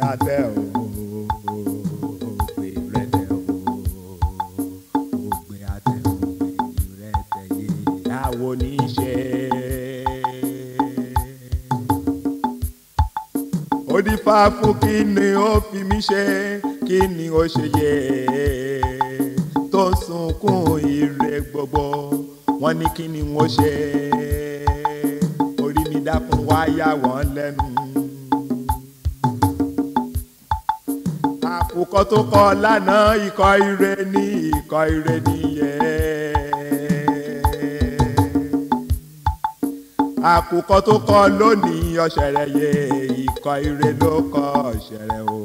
atẹ o ògbè rẹtẹ o ògbè atẹ ògbè rẹtẹ yé àwo ní í ṣe. ó dífá fún kí ni ó fi mí ṣe kí ni ó ṣe yẹ tó sunkún ìrẹ gbogbo wọn ní kí ni wọn ṣe orí mi dákun wáyà wọn lẹ́nu. kó tó kọ́ lánàá ikọ̀ ire ní ikọ̀ ire nìyẹn. àkùkọ tó kọ́ lónìí ọ̀ṣẹ̀rẹ̀ yẹ ikọ̀ ire ló kọ́ ọ̀ṣẹ̀rẹ̀ o.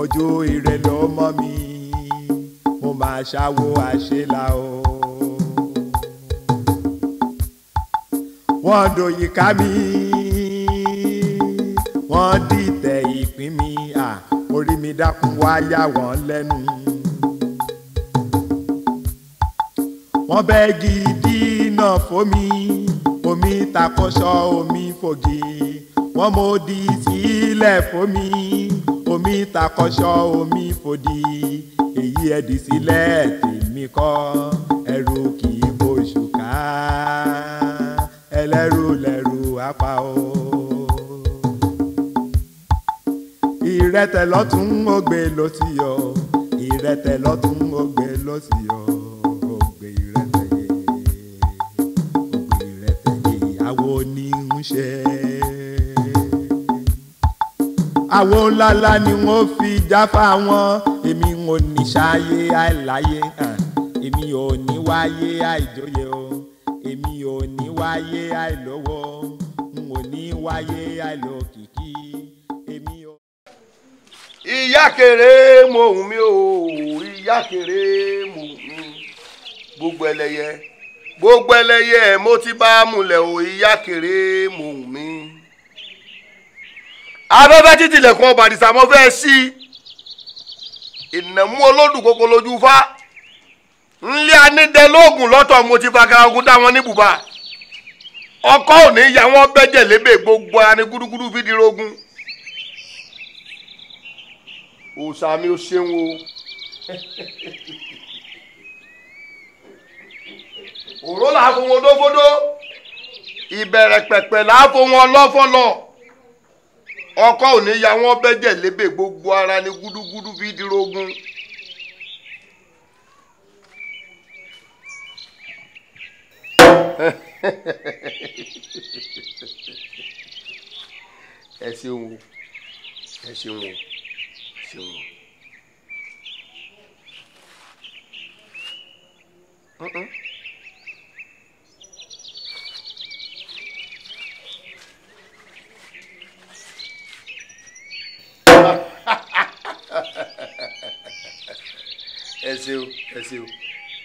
ojú ire ló mọ́ mi mo máa ṣàwo àṣelà o. wọ́n dòyìká mi wọ́n dì dákun wá yà wọ́n lẹ́nu. wọ́n bẹ́ gidi náà fomi omi takọ́ṣọ omi fògì wọ́n mọ di sílẹ̀ fomi omi takọ́ṣọ omi fòdì èyí ẹ̀dì sílẹ̀ tèmi kọ́ ẹ̀rù ìrẹtẹ̀ lọ́tún ògbè ló sì yọ ìrẹtẹ̀ lọ́tún ògbè ló sì yọ ògbè ìrẹtẹ̀ yé ògbè ìrẹtẹ̀ yé àwo ni ń ṣe. àwo ńláńlá ni wọ́n fi jáfa wọn èmi ò ní ṣáyé àìláyé èmi ò ní wáyé àìjóyè o èmi ò ní wáyé àìlówó n ò ní wáyé àìlówó. ìyá kéré mo hùn mí o ìyá kéré mo hùn gbogbo ẹlẹ́yẹ gbogbo ẹlẹ́yẹ mo ti bá mulẹ̀ o ìyá kéré mo hùn mí. abẹ́fẹ́ títí ilẹ̀kùn ọba àdìsá mo fẹ́ sí ìnàmú olódùn kókó lójú fá nlé anídẹ́lógún lọ́tọ̀ mo ti ogun dá wọn ní bùbá ọkọ òní ya wọn bẹ́jẹ̀ lébè gbogbo anigudugudu fídírógún òòṣà mi ò ṣeun o òró là á fún wọn dófódó ìbẹ̀rẹ̀ pẹ̀pẹ̀ là á fún wọn lọ́fọ́lọ́ ọkọ ò ní ya wọn bẹ́jẹ̀ lébè gbogbo ara ní gúdúgúdú fi dirogun. ẹ ṣeun o ẹ ṣeun o. cachorro. Uh -uh. É seu, é seu,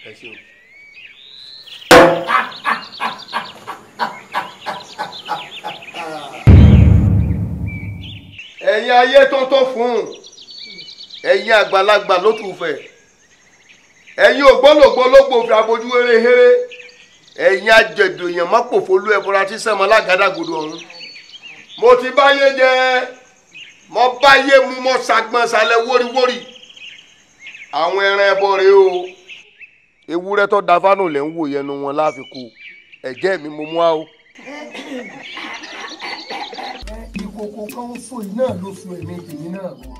é seu. É ayé tó tó fún ẹ̀yin àgbàlagbà ló tù fẹ̀ ẹ̀yin ògbólógbó lógbò fi abojú wéré héré ẹ̀yin àjẹ̀dò èèyàn mọ́pòfolú ẹ̀bùra tí sẹ́mọ́ lágàdàgodo ọ̀hún mo ti báyé jẹ mo báyé mu mo ṣàgbọ́n ṣàlẹ̀ wóríwórí àwọn ẹran ẹbọ rèé o ewúrẹ́ tó da fánù lẹ́ ń wò yẹnu wọn láfikún ẹ̀jẹ̀ mi mo mú a o. ìkòkò kan fún iná ló fún ẹ̀mí tèmi náà wọ̀.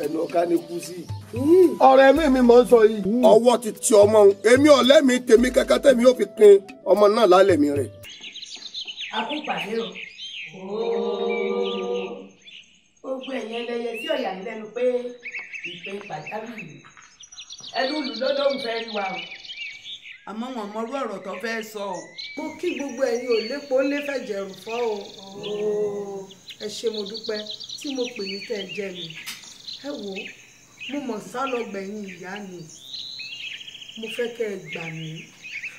ẹnu ọ̀ká ni kú sí. ọ̀rẹ́ mi mi mọ̀ ń sọ yìí. ọwọ́ ti ti ọmọ òun èmi ọ̀lẹ́ mi tèmi kẹ́kẹ́ tèmi ò fi pin ọmọ náà lálẹ́ mi rẹ̀. a kú pàdé o gbogbo ẹ̀yìn ẹlẹ́yẹ tí ọ̀yà ń lẹ́nu pé ìpè pàjáwìrì ẹnu lù fẹ́ rí wa o. àmọ́ wọn mọrú ọ̀rọ̀ tó fẹ́ sọ o. mo kí gbogbo ẹ̀yin ò lépo ó lé fẹ̀jẹ̀ rù fọ́ o ẹ ṣé mo dúpẹ́ tí mo pè ní tẹ̀ jẹ́ mi ẹ wò ó mo mọ̀ sálọgbẹ̀yìn ìyá ni mo fẹ́ kẹ́ ẹ gbà mí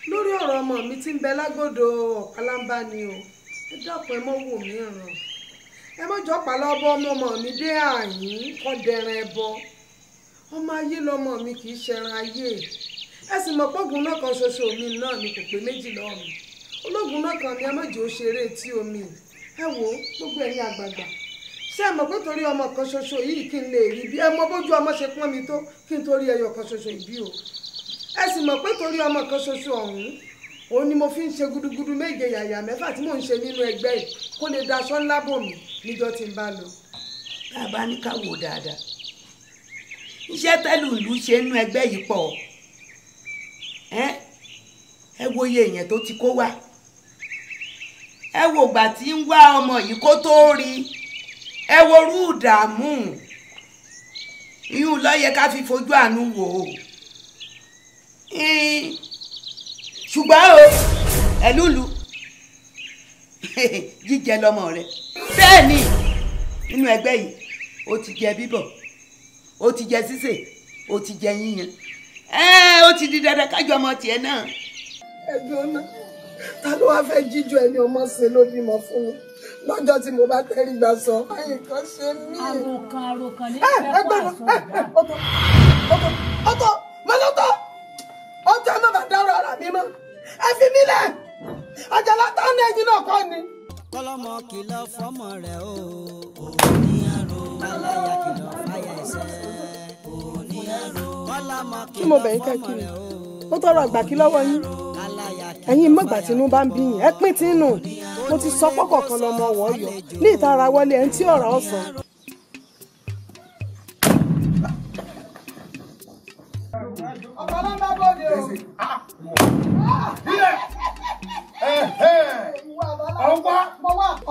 lórí ọ̀rọ̀ ọmọ mi tí ń bẹ lágbọ́dọ̀ ọ̀pálámbá ni o ẹ dákun ẹ mọ́ wò mí ràn ẹ mọ́ jọ́pàá lọ́bọ́ ọmọ ọmọ mi dé àyín kọ́ dẹran ẹbọ ọmọ ayé lọmọ mi kì í ṣẹran ayé ẹ sì mọ̀ pọ́gùn náà kan ṣoṣo mi náà ni kò pé méjì lọ́rùn ológun náà kan ni ẹ mọ̀jì ó ṣeré tí omi ẹ wò ó gbogbo ẹ̀yin àgbààgbà ṣé ẹ mọ̀ pé torí ọmọ kan ṣoṣo yìí kí n lè rí bí ẹ bójú ọmọ ṣe pọ́n mi tó kí n torí ẹyọ kan ṣoṣo ìbí o ẹ sì mọ̀ pé torí ọmọ kan ṣoṣo ọ̀hún òun ni mo fi ń ṣe gudugudu méje yàyà mẹ́fà tí mò ń ṣe nínú ẹgbẹ́ yìí kó lè daṣọ ńlá bò mí níjọ́ tí n bá lọ. tá a ní ká wò dáadáa iṣẹ́ ṣe nínú wo iye tó ti kó wá ẹ wògbà ọmọ yìí kó tóó rí ẹ worú ìdààmú ìyún lọ́yẹ ká fi fojú àánú wò ó ṣùgbọ́n o ẹ̀lúlu jíjẹ lọmọ rẹ bẹ́ẹ̀ ni nínú ẹgbẹ́ yìí ó ti jẹ bíbọ̀ o ti jẹ sísè ó ti jẹ yíyan ó ti di dandan kájọ ọmọ tiẹ̀ náà. ẹ̀dùn náà ta ló wáá fẹ́ jíjọ ẹni ọmọ ṣe ló bímọ fún mi lọ́jọ́ tí mo bá tẹ́rí gbà sọ. nǹkan ṣe mí. àròkàn àròkàn ní ìfẹ́ kó àsọ̀gbà. ọtọ mo lọtọ ọtọ ẹ má bàa dárò ara mi mọ́ ẹ fi mí lẹ̀ àjàlá tá ní ẹyin náà kọ́ ni. kọlọmọ kìlọ̀ fọ́mọ rẹ̀ o òní àrò aláya kìlọ̀ fáyà ẹsẹ̀ òní àrò kọlọmọ kìlọ̀ fọ́mọ rẹ̀ o. mo tọrọ àgbà kí lọ́wọ́ yín ẹ̀yin mọ̀gbà tínú bá ń bí yín ẹ pín tínú mo ti sọ pọ́kọ̀ kan lọ́mọ wọ̀ yọ ní ìtara wọlé ẹni tí ọ̀rọ̀ ọ̀sán.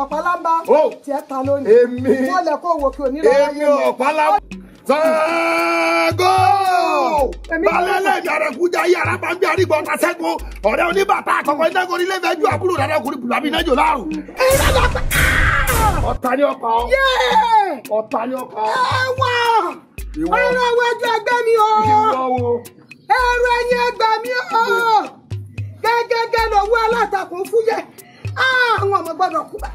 ọ̀pá lámbá tiẹ̀ ta lónìí wọ́n lẹ̀ kó wò kí onírọ̀ wáyé Ṣàngó balẹ̀lẹ̀ ìdàrẹ̀kújà yìí arábàgbé arígbọ̀n tasẹ́gun ọ̀rẹ́ oníbàtà àkọ́kọ́ ìdágò onílé fẹ́ ju àkúrò dáadáa ọkùnrin bùlá mi náà jò láàrùn. Ah! ọ̀tá ni ọkọ̀ ọ̀tá ni ọkọ̀. ẹ wà ọ̀rọ̀ wájú ẹgbẹ́ mi o ẹrù ẹyin ẹgbẹ́ mi o gẹ́gẹ́gẹ́ lọ́wọ́ alátakò fúyẹ́ ah! àwọn ọmọ gbọ́dọ̀ kú bá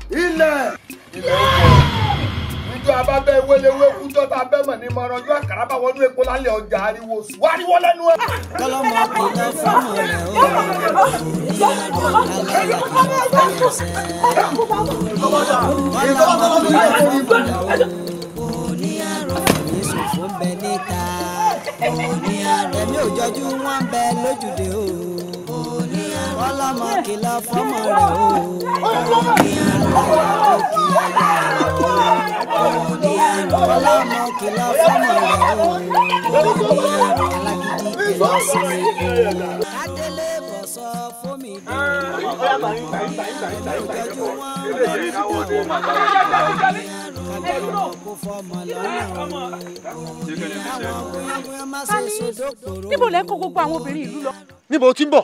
ọjọ́ abábẹ́ wéléwé kújọ́ tá a bẹ́ mọ̀ ní mọ̀rọ̀ ọjọ́ àkàrà bá wọnú epo lálẹ́ ọjà ariwo sùn wáriwo lẹ́nu ẹ̀. kọ́lọ́mọ kò lọ fún ọ̀rẹ́ òní àrùn ní sòfò bẹ níta òní àrùn ẹ̀mí òjọ́jú wọn bẹ lójúde o kọ́lá níbo lẹ́ gbogbo àwọn obìnrin ìlú lọ. níbo tí ń bọ̀.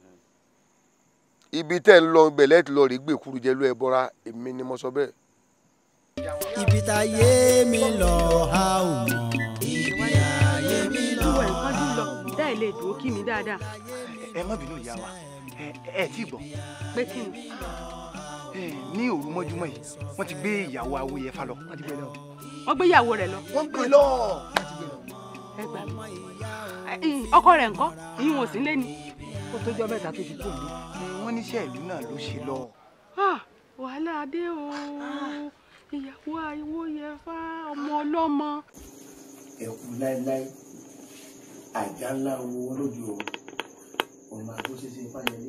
ibi tẹ́ ń lọ bẹ̀lẹ́ ti lọ rí gbé kúrú jẹ́ ló ẹ bọ́ra èmi ni mo sọ bẹ́ẹ̀. ibi tá a yé mi lọ a ò mọ̀ ibi ayé mi lọ a ò mọ̀. ìdá ilé ìdúró kí mi dáadáa. ẹ má bínú ìyá wa ẹ tí gbọ́. pé kí ni. ní òru mọ́júmọ́ yìí wọ́n ti gbé ìyàwó awo yẹn fa lọ. wọ́n ti gbé lọ. wọ́n gbé ìyàwó rẹ̀ lọ. wọ́n gbé lọ. ẹ gbà mí ọkọ rẹ̀ ńkọ́ ìyún òsínlẹ̀ ó tọ́jọ́ mẹ́ta tó ti kúrò ní wọ́n níṣẹ́ ìlú náà ló ṣe lọ. wàhálà dé o ìyàwó ariwo yẹ fá ọmọ ọlọ́mọ. ẹkú láéláé àjà ńlá wo olójú o ọmọ àgbóṣeṣe fáyẹlé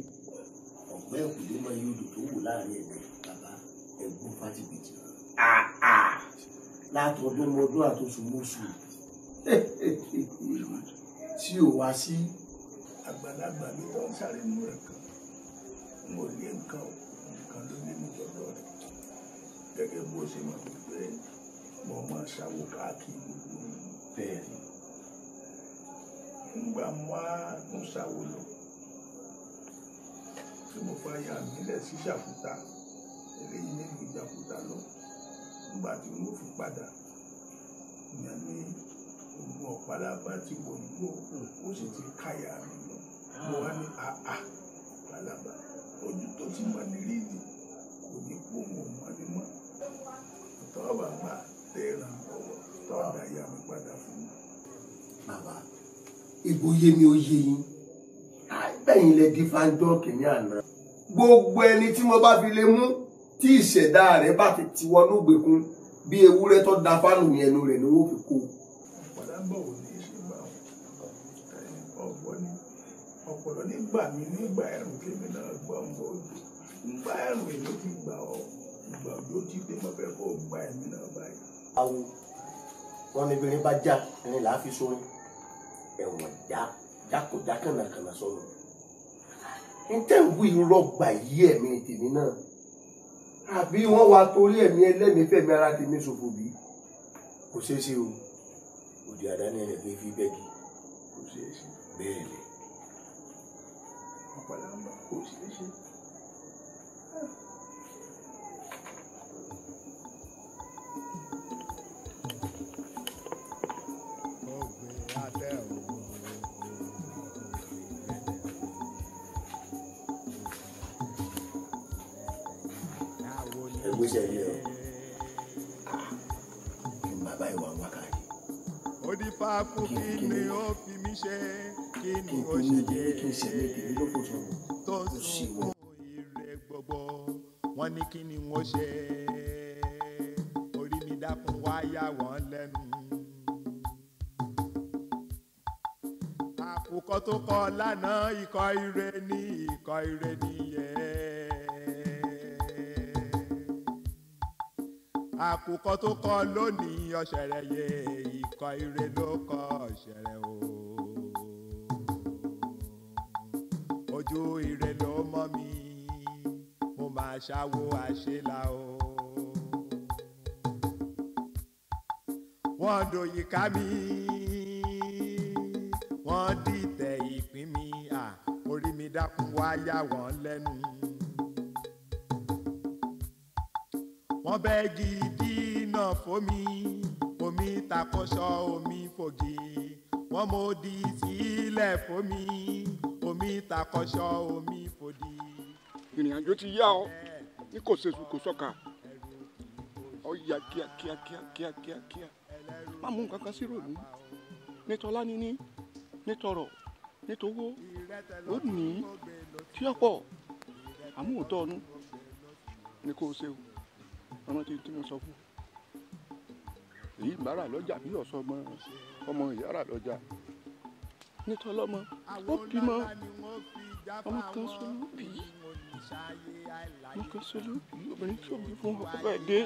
ọgbẹ ìkùdé mọ iye odò tó wù láàrin ẹgbẹ bàbá ẹ̀gbọ́n fátìbìtì látọdún mọdún àtọṣùmọṣù tí ò wá sí. Si àgbàlagbà ló tọ́ sáré mú rẹ̀ kan n ò lé nǹkan o nǹkan ló lé mi lọ́dọ̀ rẹ̀ gẹ́gẹ́ bó ṣe mọ̀ pé mo máa ṣàwò káàkiri gbogbo bẹ́ẹ̀ ni nígbà mo á ń ṣàwò lọ tí mo fa ya mílẹ̀ sí ṣàkúta eléyìí nílùú ìjàkúta lọ nígbà tí mo fi padà ìyá ní ogun ọ̀pá lábá ti wọ̀ nígbò ó sì ti káyà mi lọ mo wá ní àà ah, Pàlàbà ah, ojú tó ti mọ ní ríìdì kò ní kó wọn mọ ní mọ tọ́wọ́ àgbà tẹ̀ràn ọwọ́ tọ́wọ́ àgbà yà mí padà fún mi. bàbá ìbò yé mi ó yé yín bẹ́yìn lè di fáńjọ́ kìíní àná gbogbo ẹni tí mo bá fi lè mú tí ìṣẹ̀dá rẹ̀ bá fi tiwọ́nú gbèkún bí ewúrẹ́ tó da fánù ní ẹnu rẹ̀ ni wọ́n fi kó o. ọpọlọ nígbà mi nígbà ẹ̀rùn kémi náà gbọ́ ọmọ òjò nígbà ẹ̀rùn èmi ti gbà ọ ìgbà òjò ti dé mo fẹ́ kó gba ẹ̀mí náà báyìí. awo wọn ní obìnrin bá já ẹni là á fi sóyún ẹ̀wọ̀n já jákò já kànàkànà sọnù ntẹ̀wé rọgbà yí ẹ̀mí tèmi náà àbí wọ́n wá torí ẹ̀mí ẹlẹ́mìí fẹ̀mí ara tèmi ṣòfò bí kò ṣeé ṣe o òdì àdáni ẹ̀rẹ̀ fi bẹ́ẹ̀ kí kò ṣeé ṣe bẹ́ẹ̀ ni àpàlà ń bá kò ṣeé ṣe. ẹgbẹ́sẹ̀ ilé ọ kí n kí ni ó fi mí ṣe ètò mi ìdílé kí n ṣẹlẹ̀ tèmi lọ́pọ̀ sọ̀rọ̀ kò sí wọn. wọ́n ní kí ni wọ́n ṣe orí mi dákun wá yà wọ́n lẹ́nu. àkùkọ tó kọ lánàá ikọ̀ ire ní ikọ̀ ire nìyẹn. àkùkọ tó kọ lónìí ọ̀sẹ̀rẹ̀ yẹ ikọ̀ ire ló kọ ọ̀sẹ̀rẹ̀ o. òjò ìrẹ̀lẹ̀ ọmọ mi mo máa ṣàwo àṣelà o. wọ́n dòyìn ká mi wọ́n dìtẹ̀ ìpín mi à orí mi dákun wá yà wọ́n lẹ́nu. wọ́n bẹ́ gidi náà fomi omi takọ́ṣọ́ omi fògì wọ́n mo di sílẹ̀ fomi omi takọ̀ṣọ́ omi fòdì. ìrìn àjò ti yá ọ ní kò sèṣù kò sọ́ka ọ yà kíá má mú nǹkan sí ròdùn nítọ́lá níní nítọrọ nítowó ó ní tí ọ̀pọ̀ àmúhòtọ́ ọ̀nù ni kò ṣe o tí mo sọ fún èyí bára lọ́jà bí ọ̀sọ́ ọmọ ìyára lọ́jà nítọ́lọ́mọ ó bímọ ọmọ kan solú bí ọmọ kan solú bí obìnrin tí ó bí fún ọkọ bẹ́ẹ̀ dé.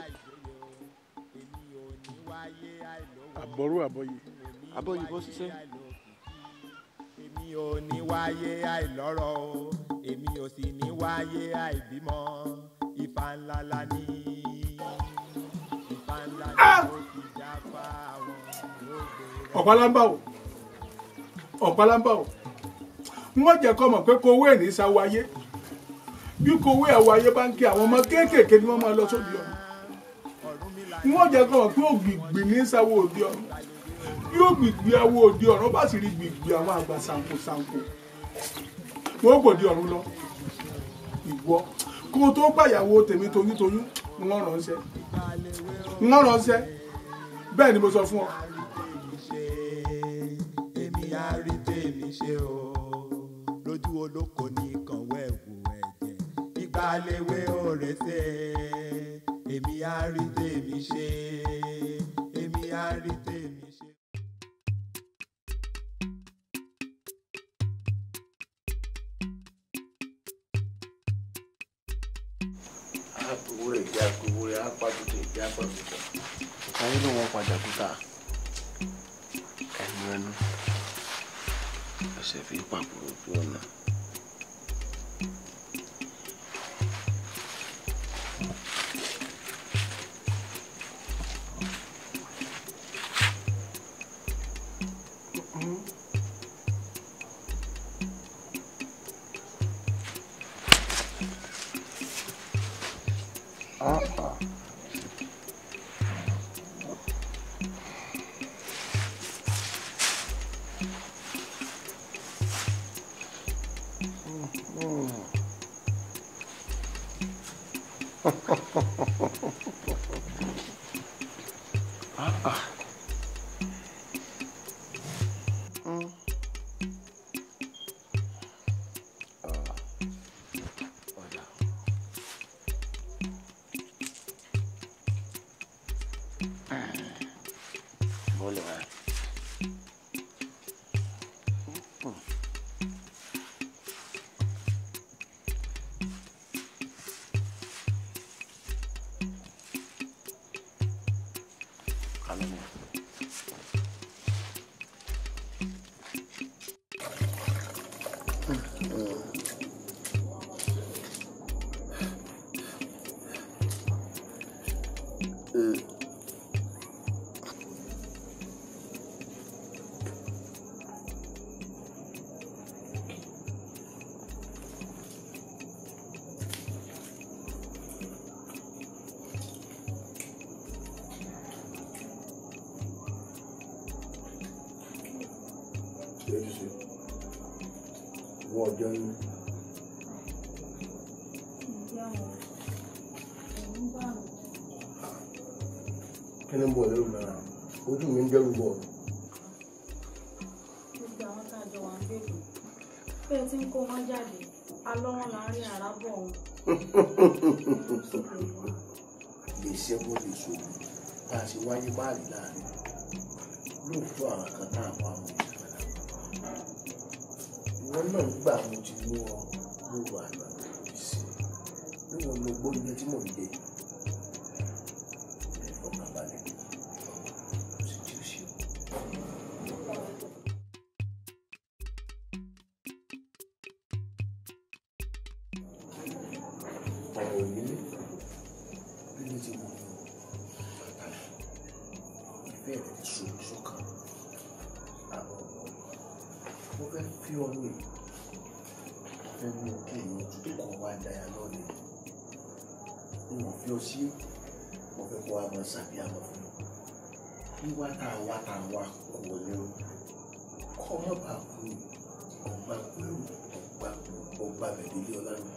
àbọ̀rú àbọ̀yè àbọ̀yè bọ́ ṣiṣẹ́. èmi ò ní wáyé àìlọ́rọ̀ o èmi ò sì ní wáyé àìbímọ ìfà ńlá la ní ìfà ńlá ni ó ah! ti jáfa àwọn olóògbé rẹ. ọ̀pá lámbà o ọ̀pálábà o wọ́n jẹ́ kọ́ mọ̀ pé kowó èní sáwọ ayé bí kowó ẹ̀wọ̀ ayé bá ń kí àwọn ọmọ kéékèèké ni wọ́n máa lọ sódì ọ̀run wọ́n jẹ́ kọ́ mọ̀ pé ògbìgbì ní sáwọ òdì ọ̀run bí ògbìgbì àwọ òdì ọ̀run bá sì rí gbìgbì àwọn àgbà sàǹkósàǹkó wọ́n kò di ọ̀run lọ ìwọ kó o tó gbàyàwó tèmi toyúntoyún ń ránṣẹ́ ń ránṣẹ́ bẹ́ẹ̀ ni mo sọ fún ọ á rí tèmi ṣe o lójú olóko nìkan wẹ̀wù ẹ̀jẹ̀ ìgbà léwé òrè ṣe èmi á rí tèmi ṣe èmi á rí tèmi ṣe. àpòwúrẹ̀ ìdí àpòwúrẹ̀ apàkùtà ìdí ló wọ́n padà kúta ẹnu ẹnu. Você viu com a procura, wọ ọjọ́ yìí. kí ni bọ̀ lẹ́rù lára ojú mi ń dẹ́rù bọ̀. gbogbo àwọn tá a jọ wà ń bèbè tí ń kó wọn jáde láàrin wọn. bó lè a ṣe wáyé báàlì láàrin lóòótọ́ àwọn kan tá a ìwọ náà gbà mo ti mú ọ lóru àná ìsìn níwọ ló gbóyè tí mò ń gbé tí ò ṣe o. ọ̀rọ̀ yìí bí ní ti wù ú ìfẹ́ rẹ̀ ti so ìṣọ̀kan mo fẹ́ fi ọ̀rọ̀ yìí fẹ́ mú ọkọ mi ojú tó kọ́ wá dáyà náà ni n ò fi ọ sí mo fẹ́ kó wa mọ sàbí àmọ́ fún mi wíwá tá a wá tá a wá kò wọlé o kọ́ ọmọ bá kú ọgbà kúlù ọgbà kúlù ọgbà bẹ̀rẹ̀ lé ọlá mi.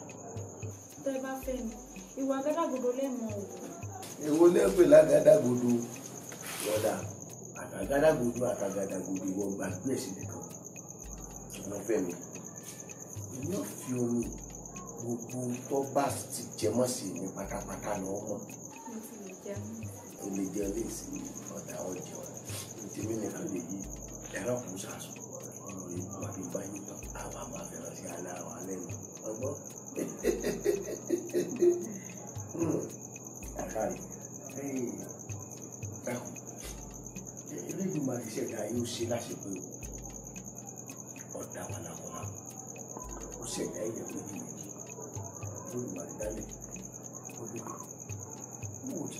tẹ́ ẹ bá fẹ́ mi ìwà gàdàgodo lẹ́mọ̀ o. èwo lẹ́gbẹ̀ẹ́ lágàdàgodo lọ́dà àtàgàdàgodo àtàgàdàgodo ìwọ̀n gbàgbé sílẹ̀ lọ́fẹ̀ mi èmi ò fi omi gbogbo tó bá ti jẹmọ́ sí mi pátápátá lọ́wọ́ omi jẹ lè sí ọ̀dà ọjà tèmi nìkan lè yí ẹ̀rọ kùn sàṣù ọ̀rọ̀ yìí wà ní báyìí àwọn àmàfẹ́ràn sí aláwọ̀ alẹ́ mi ọgbọ́n.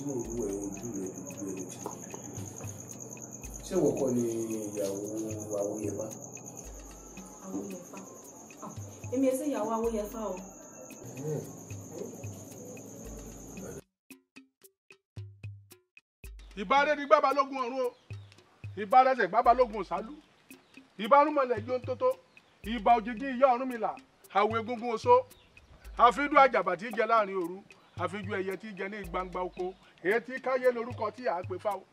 tí mò ń wọ ẹ ojú rẹ ojú rẹ ti ṣé wọ́n kọ́ ni ìyàwó awóyẹ̀fà. Ah, èmi ẹ ṣe ìyàwó awóyẹ̀fà o. ìbáre ni gbábalógun ọ̀run o ìbárẹsẹ̀ gbábalógun ṣálú ìbárúmọ̀lẹ̀ jó ń tótó ìbà òjijì ìyá Ọ̀rúnmìlà àwọ̀ egungun oṣó àfidú àjàbàtì jẹ láàrin òru àfijù ẹyẹ tí jẹ ní gbangba oko èyí tí káyé lórúkọ tí a pè fáwọn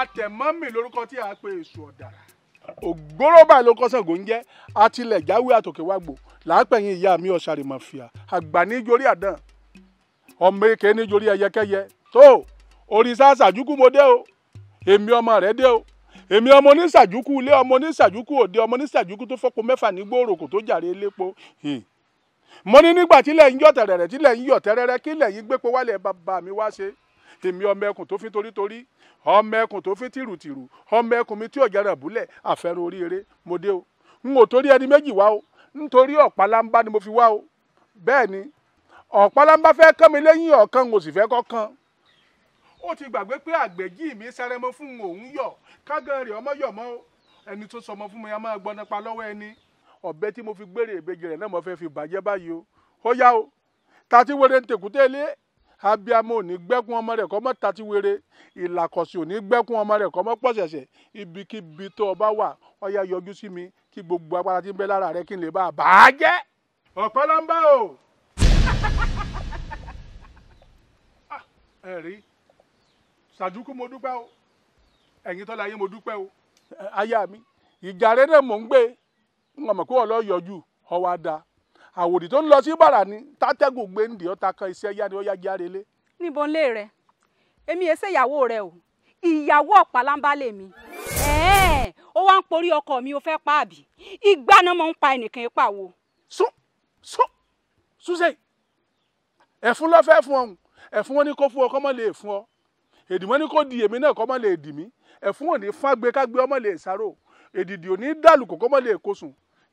àtẹ̀mọ́mì lórúkọ tí a pè èṣù ọ̀dàrà ògbóró báyìí ló kọ́sàn gò ń jẹ́ jáwé àtòkè wá gbò láàpẹ̀yìn ìyá mi ọ̀sàrè màfíà àgbà níjorí àdán ọmọ èké níjorí ẹyẹkẹyẹ tó òrìṣà sàjúkú mo dé o èmi ọmọ rẹ dé o èmi ọmọ onísàjúkú ilé ọmọ onísàjúkú òde ọmọ onísàjúkú tó fọpo mẹ́fà ní gbòòrò kò tó jàre elépo mo ní nígbà tílẹ̀ ń yọ̀ tẹ̀rẹ̀rẹ̀ tílẹ̀ ń yọ̀ tẹ̀rẹ̀rẹ̀ kílẹ̀ yín gbépo wálẹ̀ bàbá mi wá ṣe èmi ọmọ ẹkùn tó fi torítorí ọmọ ẹkùn tó fi tìrùtìrù ọmọ ẹkùn mi tí ọ̀jà rẹ̀ búlẹ̀ àfẹ́rẹ́ oríire mo dé o n ò torí ẹni méjì wá o nítorí ọ̀pálámbá ni mo fi wá o bẹ́ẹ̀ ni ọ̀pálámbá fẹ́ kán mi lẹ́yìn ọ̀kan n ò sì fẹ́ kọ́ kan ó ti gbàgbé pé àgbèjì mi sẹrẹmọ fún òun yọ kágan rẹ̀ ọmọ yọ̀ mọ́ ẹni tó sọmọ fún mi a máa gbọ́n nípa lọ́wọ́ ẹni ọ̀bẹ tí mo fi gbére ìbejì rẹ̀ náà mo fẹ́ fi bàjẹ́ báyìí o ó yá o tàti wèrè ń tèkúté ilé abiamọ ò ní gbẹ́kún ọmọ rẹ̀ kọ́ mọ́ tàti wèrè ìlàkọ̀sí ò ní gbẹ́kún ọmọ rẹ̀ kọ́ mọ́ pọ̀ṣẹ̀ṣẹ̀ ibikíbi tó o bá wà ó yá yọjú sí mi kí gbogbo agbára tí ń bẹ lára rẹ kí n lè bá a bà á jẹ́ ọ̀pẹ́ ló ń bá o. Ah, ẹ rí sàdúkú mo dúpẹ́ o ẹ̀yin tọ́lá yín mo dúpẹ́ o. aya mi ìjà rẹ náà mò ń gbé e wọn mọ̀ pé wọn lọ yọjú ọwọ́ ada àwòdì tó ń lọ sí bàrà ni tátẹ́gùn gbé ń dì ọ́ ta kan iṣẹ́ yá ni ó yá járe lé. níbo ń lé rẹ èmi èsè ìyàwó rẹ o ìyàwó ọ̀pálámbá lèmi ó wá ń porí ọkọ mi ó fẹ́ pa àbí ìgbà náà mo ń pa ẹnìkan ipa wo. sún sún súnṣe ẹ̀fún ló fẹ́ fún ọ̀hún ẹ̀fún wọn ni kó fún ọ kọ́ mọ́ lè fún ọ èdì wọn ni kó di èmi náà kọ́ mọ́ lè dì mí ẹ̀fún òní fágbe kágbe ọmọ lè sáró èdìdì òní dàlùkò kọ́ mọ́ lè kó sùn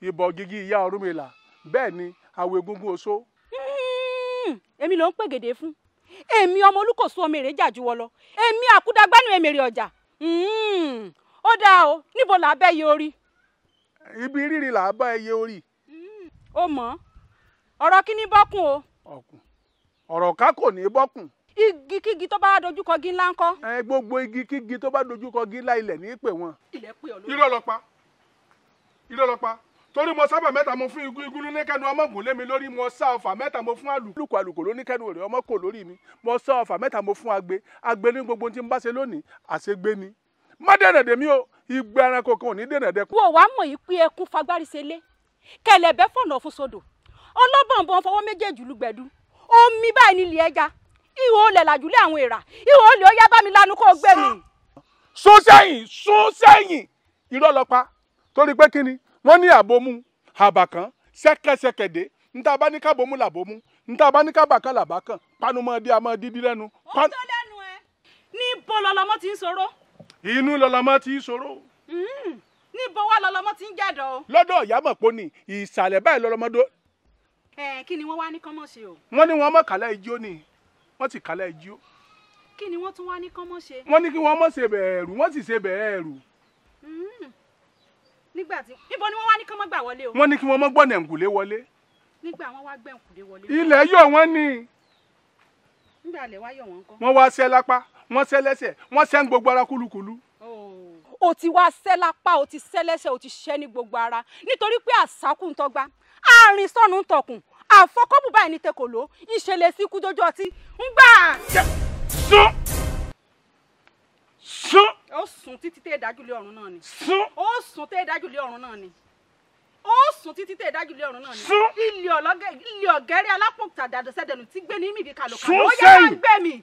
ìbọ̀ gígí ìyá ọ̀rúnmìlà bẹ́ẹ̀ ni àwọn egungun oṣó. Hmm, èmi ló ń gèdè fún èmi ọmọ olùkóso ọmọ èrè jà ju wọ lọ èmi àkúdàgbánu èmèrè ọjà hmm, ó dáa o níbo là á bẹ́ yẹ orí. ibi rírì là á bá ẹ yẹ orí. Hmm, ó mọ̀ ọ̀rọ̀ kí ni bọ́kùn o. ọ̀kùn ọ̀rọ̀ ká kò ní bọ́kùn. igi kígi tó bá dojúkọ gí ńlá ńkọ. ẹ gbogbo igi kígi tó bá dojúkọ gí ńlá ilẹ̀ ní í pè wọn. ilẹ̀ pé ọlọ́run. irọ́ lọ pa irọ́ lọ pa torí mo sábà mẹ́ta mo fún igun igun ní kẹ́nu ọmọ gùn lé mi lórí mo sá ọfà mẹ́ta mo fún àlùkò àlùkò ló ní kẹ́nu rẹ̀ ọmọ kò lórí mi mo sá ọfà mẹ́ta mo fún agbe agbe ní gbogbo tí n bá ṣe lónìí àṣegbé ni má dènà dè mí o igbe ẹranko kan ò ní dènà dẹ. wo wàá mọ̀ yìí pé ẹkún fagbárí ṣe lé kẹlẹ̀bẹ́ fọ̀nà fún sodò ọlọ́bọ̀nbọ̀n fọwọ́ méjèèjì lùgbẹ̀dú omi báyìí nílì ẹja ihò olè pa torí pé wọ́n ní àbomú àbàkán sẹ́kẹ́sẹ́kẹ̀dé níta bá ní kábomú làbomú níta bá ní kábàkán làbákàn panumọ́dé amọ́ dídí lẹ́nu. ó tó lẹ́nu ẹ níbo lọlọmọ ti ń sọ̀rọ̀. inú lọlọmọ ti ń sọ̀rọ̀. Hmm. níbo wá lọlọmọ ti ń jẹ̀dọ̀ o. lọ́dọ̀ ìyámọ̀ pọ̀ ni ìsàlẹ̀ báyìí lọlọmọdó. ẹ kí ni wọ́n wá ní kọ́mọ̀ ṣe o. wọ́n ní wọ́n mọ̀ kálá ijó ni wọ́n ti kálá ijó. kí ni wọ́n tún wá ní kọ́mọ̀ ṣe. wọ́n ní kí wọ́n mọ̀ ṣe bẹ̀ẹ̀rù wọ́n sì ṣe bẹ̀ẹ̀rù. Hmm nígbà tí níbo ni wọ́n wá ní kán mọ́ gbà wọlé o. wọ́n ní kí wọ́n mọ́ gbọ́ nẹ̀ǹkùlé wọlé. nígbà wọ́n wá gbẹ̀ǹkùlé wọlé. ilẹ̀ yọ wọ́n ni. nígbà ilẹ̀ wá yọ wọ́n kọ́. wọ́n wá ṣẹ́ lápá wọ́n ṣẹ́ lẹ́sẹ̀ wọ́n ṣẹ́ ń gbogbo ara kúlukùlu. o ti wá ṣẹ́ lápá o ti ṣẹ́ lẹ́sẹ̀ o ti ṣẹ́ ní gbogbo ara nítorí pé àṣàkù ń tọ́gbá àárín sọ́nù tọkùn àfọkọ́bù báyìí ní tẹkọ̀ló ìṣẹ̀lẹ̀ sún. ó sùn títí tẹ́ dájú lé náà ni. sún. ó sùn tẹ́ dájú lé náà ni. ó sùn títí tẹ́ dájú lé náà ni. sún. ilé ọ̀gẹ́rẹ́ alápòkùtà dàdọ̀sẹ́dẹ̀nù ti gbé ní mìbí kalọ̀kalọ̀ ó yẹ gbẹ̀mí.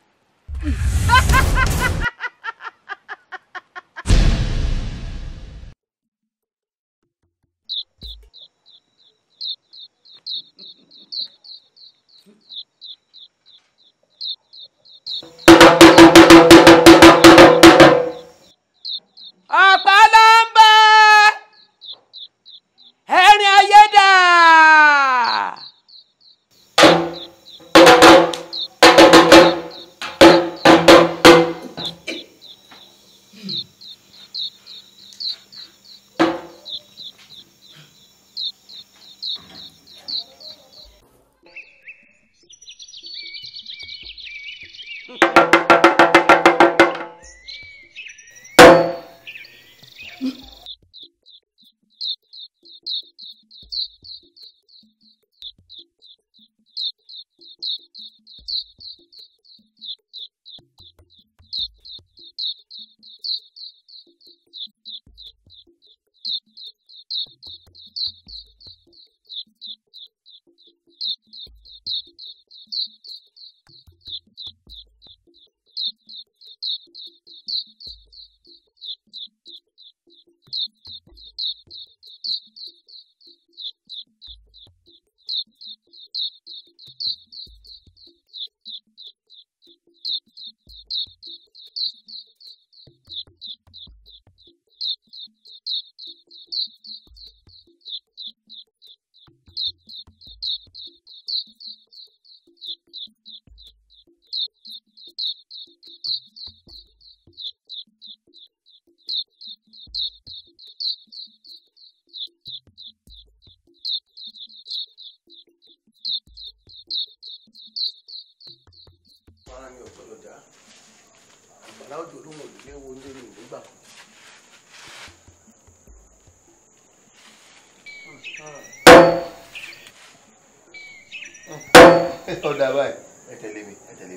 Ó alala báyìí, ẹ tẹ̀lé mi, ẹ tẹ̀lé mi.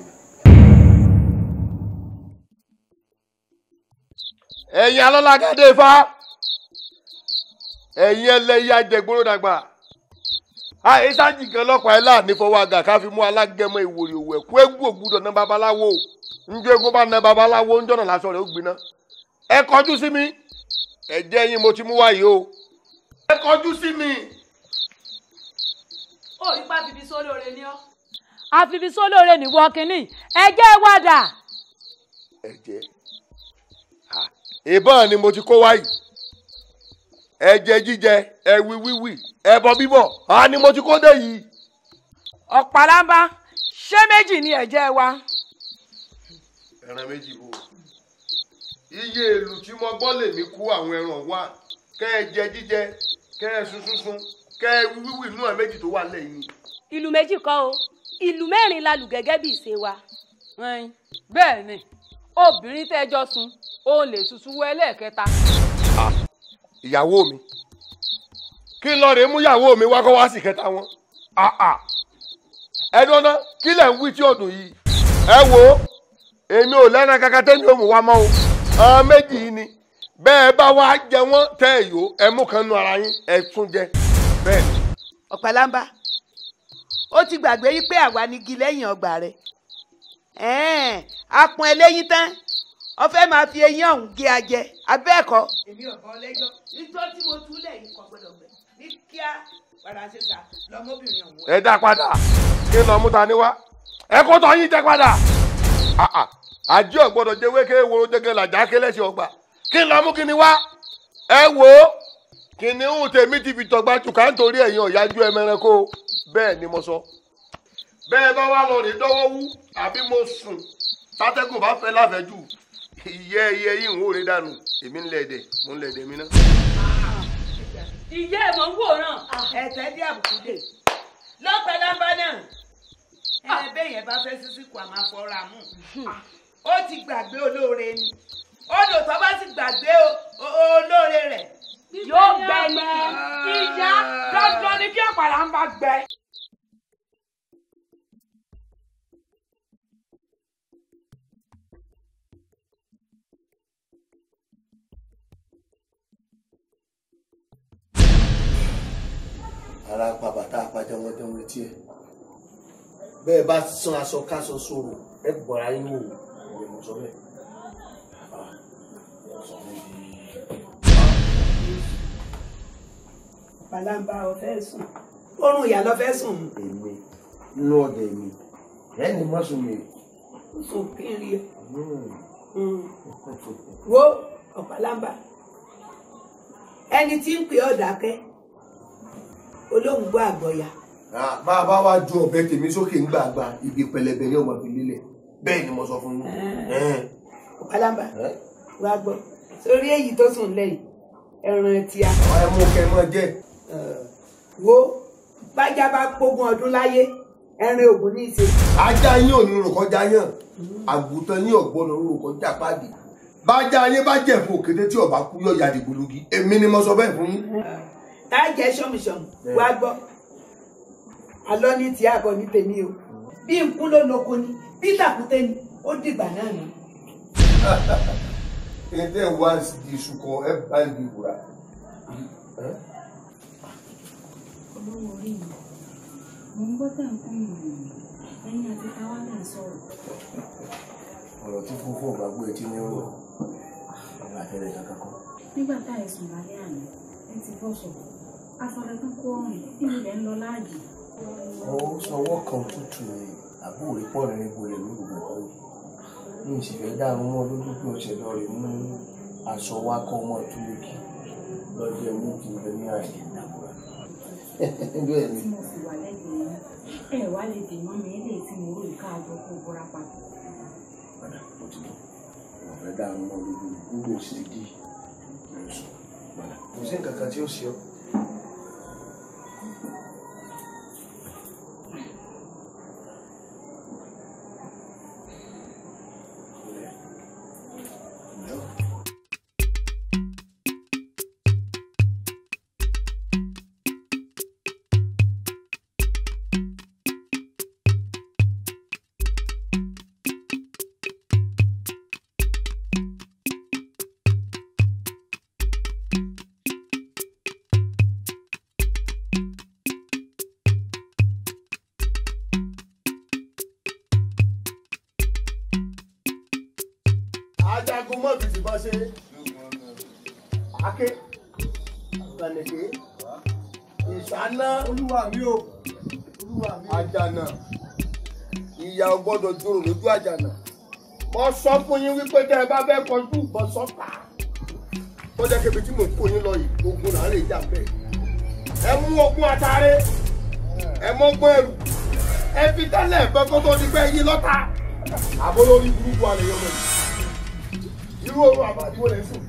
Ẹ̀yin alọ́lágádé Ifá, ẹ̀yin ẹlẹ́yẹ ajẹgbóró kan lọ́pàá ẹ̀ láàánú fọwọ́ àgà mú alágẹmọ ìwòrì òwò ẹ̀kú ẹ̀gbù ògbúdọ̀ ná babaláwo. bá ná babaláwo lásán mi, o. Ẹ kọjú sí àfìfi sólóore nìwọ kínní ẹ̀jẹ̀ wàdà. ẹ̀jẹ̀ ìbọn ni mo ti kó wáyìí ẹ̀jẹ̀ jíjẹ ẹ̀wì wíwì ẹbọ bíbọ a ni mo ti kó dé yìí. ọ̀pálábá ṣé méjì ni ẹ̀jẹ̀ wa. ẹran méjì bò iye èlù tí mo gbọ́ lèmi kú àwọn ẹran wa kẹ́ ẹ jẹ jíjẹ kẹ́ ẹ sun sunsun kẹ́ ẹ wíwì inú ẹ méjì tó wà lẹ́yìn. ìlú méjì kọ́ o ìlú mẹ́rin la lù gẹ́gẹ́ bí ìṣe wa. bẹ́ẹ̀ ni obìnrin tẹ́jọ́ sun òun lè tutù wọ ẹlẹ́ẹ̀kẹta. ìyàwó mi kí n lọ rèé mú ìyàwó mi wá kó wá sí kẹta wọn ẹnu ọ̀nà kí lẹ̀ ń wí tí ọdún yìí ẹ wo èmi ò lẹ́ran kankan tẹ́mi ò mú wa mọ́ o ọmọ méjì yìí ni bẹ́ẹ̀ bá wá jẹ wọ́n tẹ́ ẹ̀yọ́ ẹ mú kan nu ara yín ẹ tún jẹ bẹ́ẹ̀. ọ̀pẹ̀lá ń bá ó ti gbàgbé yí pé àwa ni igi lẹ́yìn ọgbà rẹ̀ a pọn eléyín tán wọ́n fẹ́ máa fi eyín ọ̀hún gé ajẹ abẹ́ẹ̀kọ́. èmi ò bọ́ lẹ́jọ́ níjọ́ tí mo túlẹ̀ yìí kọ́ gbọ́dọ̀ gbẹ ní kíá paracetamol lọmọbìnrin ọ̀hún. ẹ dá padà kí lọ mú ta ni wá ẹ kó tọ́ yín jẹ padà àjẹ́ ọ̀gbọ́dọ̀ jẹ́wé ké woro jẹ́gẹ́ làjà ké lẹ́sìn ọgbà kí lọ mú kí wá ẹ wò ó kìnìún tèmi ti fi tọgbà tù ká nítorí ẹ̀yin ọ̀yájú ẹmẹranko. bẹ́ẹ̀ ni mo sọ bẹ́ẹ̀ bá wà lọ rí dọ́wọ́ àbí mo sùn tátẹ́gùn bá fẹ́ láfẹ́jù ìyẹ́ yìí ń wòre dànù èmi ń lẹ̀dẹ̀ mo ń lẹ̀dẹ̀ mi ná. ìyá ẹ̀ ń wò náà ẹ̀tẹ́ dí àbùkù lọ́pẹ́ ti gbàgbé olóore ni olùtọ́ bá ti gbàgbé olóore rẹ̀ yóò gbẹ ní ìyá gbẹ. ara pa bàtà apajọwọjọwọ etí ẹ bẹ́ẹ̀ bá san aṣọ káṣọ sòrò ẹ gbọra yín wò ó mo sọ bẹ́ẹ̀. balamba ọfẹ sùn oorun ìyá lọfẹ sùn. èmi inú ọdẹ mi ẹni má sùn mi. sùn kí n rí ẹ wo ọ̀pá lámbà ẹni tí ń pè ọ́ dákẹ́ lóun gbọ́ àgbọ̀yà. bá a bá wá ju ọ̀bẹ tèmi sókè ń gbàgbà ibi pẹlẹbẹ ní ọmọ fi lélẹ̀ bẹ́ẹ̀ ni mo sọ fún yín. ọ̀kadàmbà wá gbọ́ sórí èyí tó sùn lẹ́yìn ẹran ti a. àwọn ẹmú kẹ mọ jẹ. wo bájá bá gbógun ọdún láyé ẹrin ògùn ní ìṣe. ajá yín ò ní ròkọjá yàn àgùntàn ní ọgbọnà ròkọjá pàdé bájá ayé bá jẹ̀fọ́ òkété tí ọba kú yọ yàdìgbòlógì èmi ni mo sọ bẹ́ẹ̀ fún yín tá a jẹ ṣọmùṣọmù wàá gbọ́ àlọ ní tí àbọ̀ ní tèmi o bí nkún ló lóko ni bí tàkúté ni ó dìgbà náà ni. ètè wá iṣu kan ẹ bá ìlú ìwúra. olówó orí mi mò ń gbọ́ tẹ̀ ń kún ìròyìn ẹ̀yìn àti táwa náà sọ̀rọ̀. ọ̀rọ̀ tí fúnfún ògbàgbọ́ etí ní ọ̀rọ̀ ọ̀rọ̀ àtẹ̀rẹ̀ kankan kọ́. nígbà tá a ẹ̀sùn lálẹ́ àná ẹ ti bọ́ sọ̀rọ̀ asọ̀rọ̀ ẹ̀kọ́ kọ ọrùn tí mi lẹ̀ ń lọ láàyè. ó sọwọ́ kan tútù rẹ̀ àbúrò rẹ̀ pọ̀ rẹ̀ gbolẹ̀ lóru gbọ̀ngàn yìí ní ìsìfẹ́ dáhùn mọ́ lójú pé ọ̀sẹ̀ lọ rẹ̀ mú aṣọ wa kọ́ ọmọ ìtúlẹ̀kì lọ́jọ́ ẹ̀mú ti rẹ̀ ní àyè ìdàgbà. bẹ́ẹ̀ ni. mo sì wà lẹ́yìn ẹ̀ wá lè dè mọ́ mi ilé tí mo rò ká àjọ kó bọ́ra papọ̀. padà mo ti lọ ọ̀rẹ́ dáhùn mọ́ lójú gbogbo òsè dì kò sí nǹkan kan tí ó ṣe ọ́. ṣe àáké àgbàlẹ̀dẹ ìṣáná olúwa mi o àjànà ìyá ò gbọ́dọ̀ jòrò lójú àjànà mo sọ fún yín wípé tẹ́ ẹ bá fẹ́ kọjú ìbọn sọ́ta ó jẹ́ kébi tí mò ń kó yín lọ yìí ogun là ń lè jà bẹ́ẹ̀ ẹ mú ogun àtàrẹ ẹ mọ́gbọ́n ẹrù ẹ fi tẹ́lẹ̀ fẹ́ kó tó di pé yín lọ́ta àbólórí burúkú àlè yọmọ yìí irú oorun àbàdí wo lè sùn.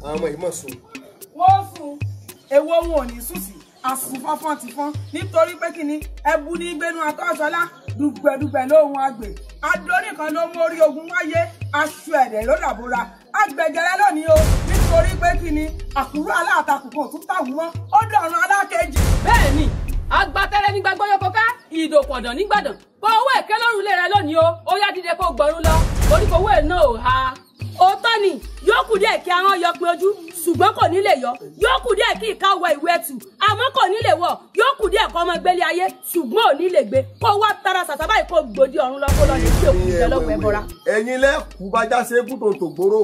àwọn ọmọ yìí mọ̀ sùn. wọ́n sùn èwo wọn ò ní sùn sí àsùnfọ́fọ́n ti fọ́n nítorí pé kí ni ẹbu ní gbénu àtọ́sọlá dùgbẹ̀dùgbẹ̀ lóhun àgbè adóní ló mórí ogun wáyé aṣọ ẹ̀rẹ̀ ló dàbora agbẹ̀gẹ̀rẹ̀ lónìí o nítorí pé kí àkùrú aláàtakùn kan tún tàwù mọ́ ó dọ̀rùn alákejì. bẹ́ẹ̀ni agbatẹrẹ ní gbàgbọ́ yọkọká ìdòpọ̀dàn nígbàdàn kó owó èké lọ́rùn ilé rẹ lónìí o ó yá dídé kó gbọ̀rún lọ oríkòwò ẹ̀ náà ò ha. òótọ́ ni yóò kù díẹ̀ kí ahọ́n yọ pé ojú ṣùgbọ́n kò ní lè yọ yóò kù díẹ̀ kí ìka wọ ìwé ẹ̀tù àmọ́ kò ní lè wọ̀ yóò kù díẹ̀ kọ́ ọmọ gbélé ayé ṣùgbọ́n ò ní lè gbé kó wá tara sàtàbà ìkó gbòdì ọ̀run lọ kó lọ ní tí òkú ìjẹ́lọ́gbẹ̀ẹ́ bọ́ra. ẹ̀yin lẹ́kùú bá já sí egúdòdò gbòòrò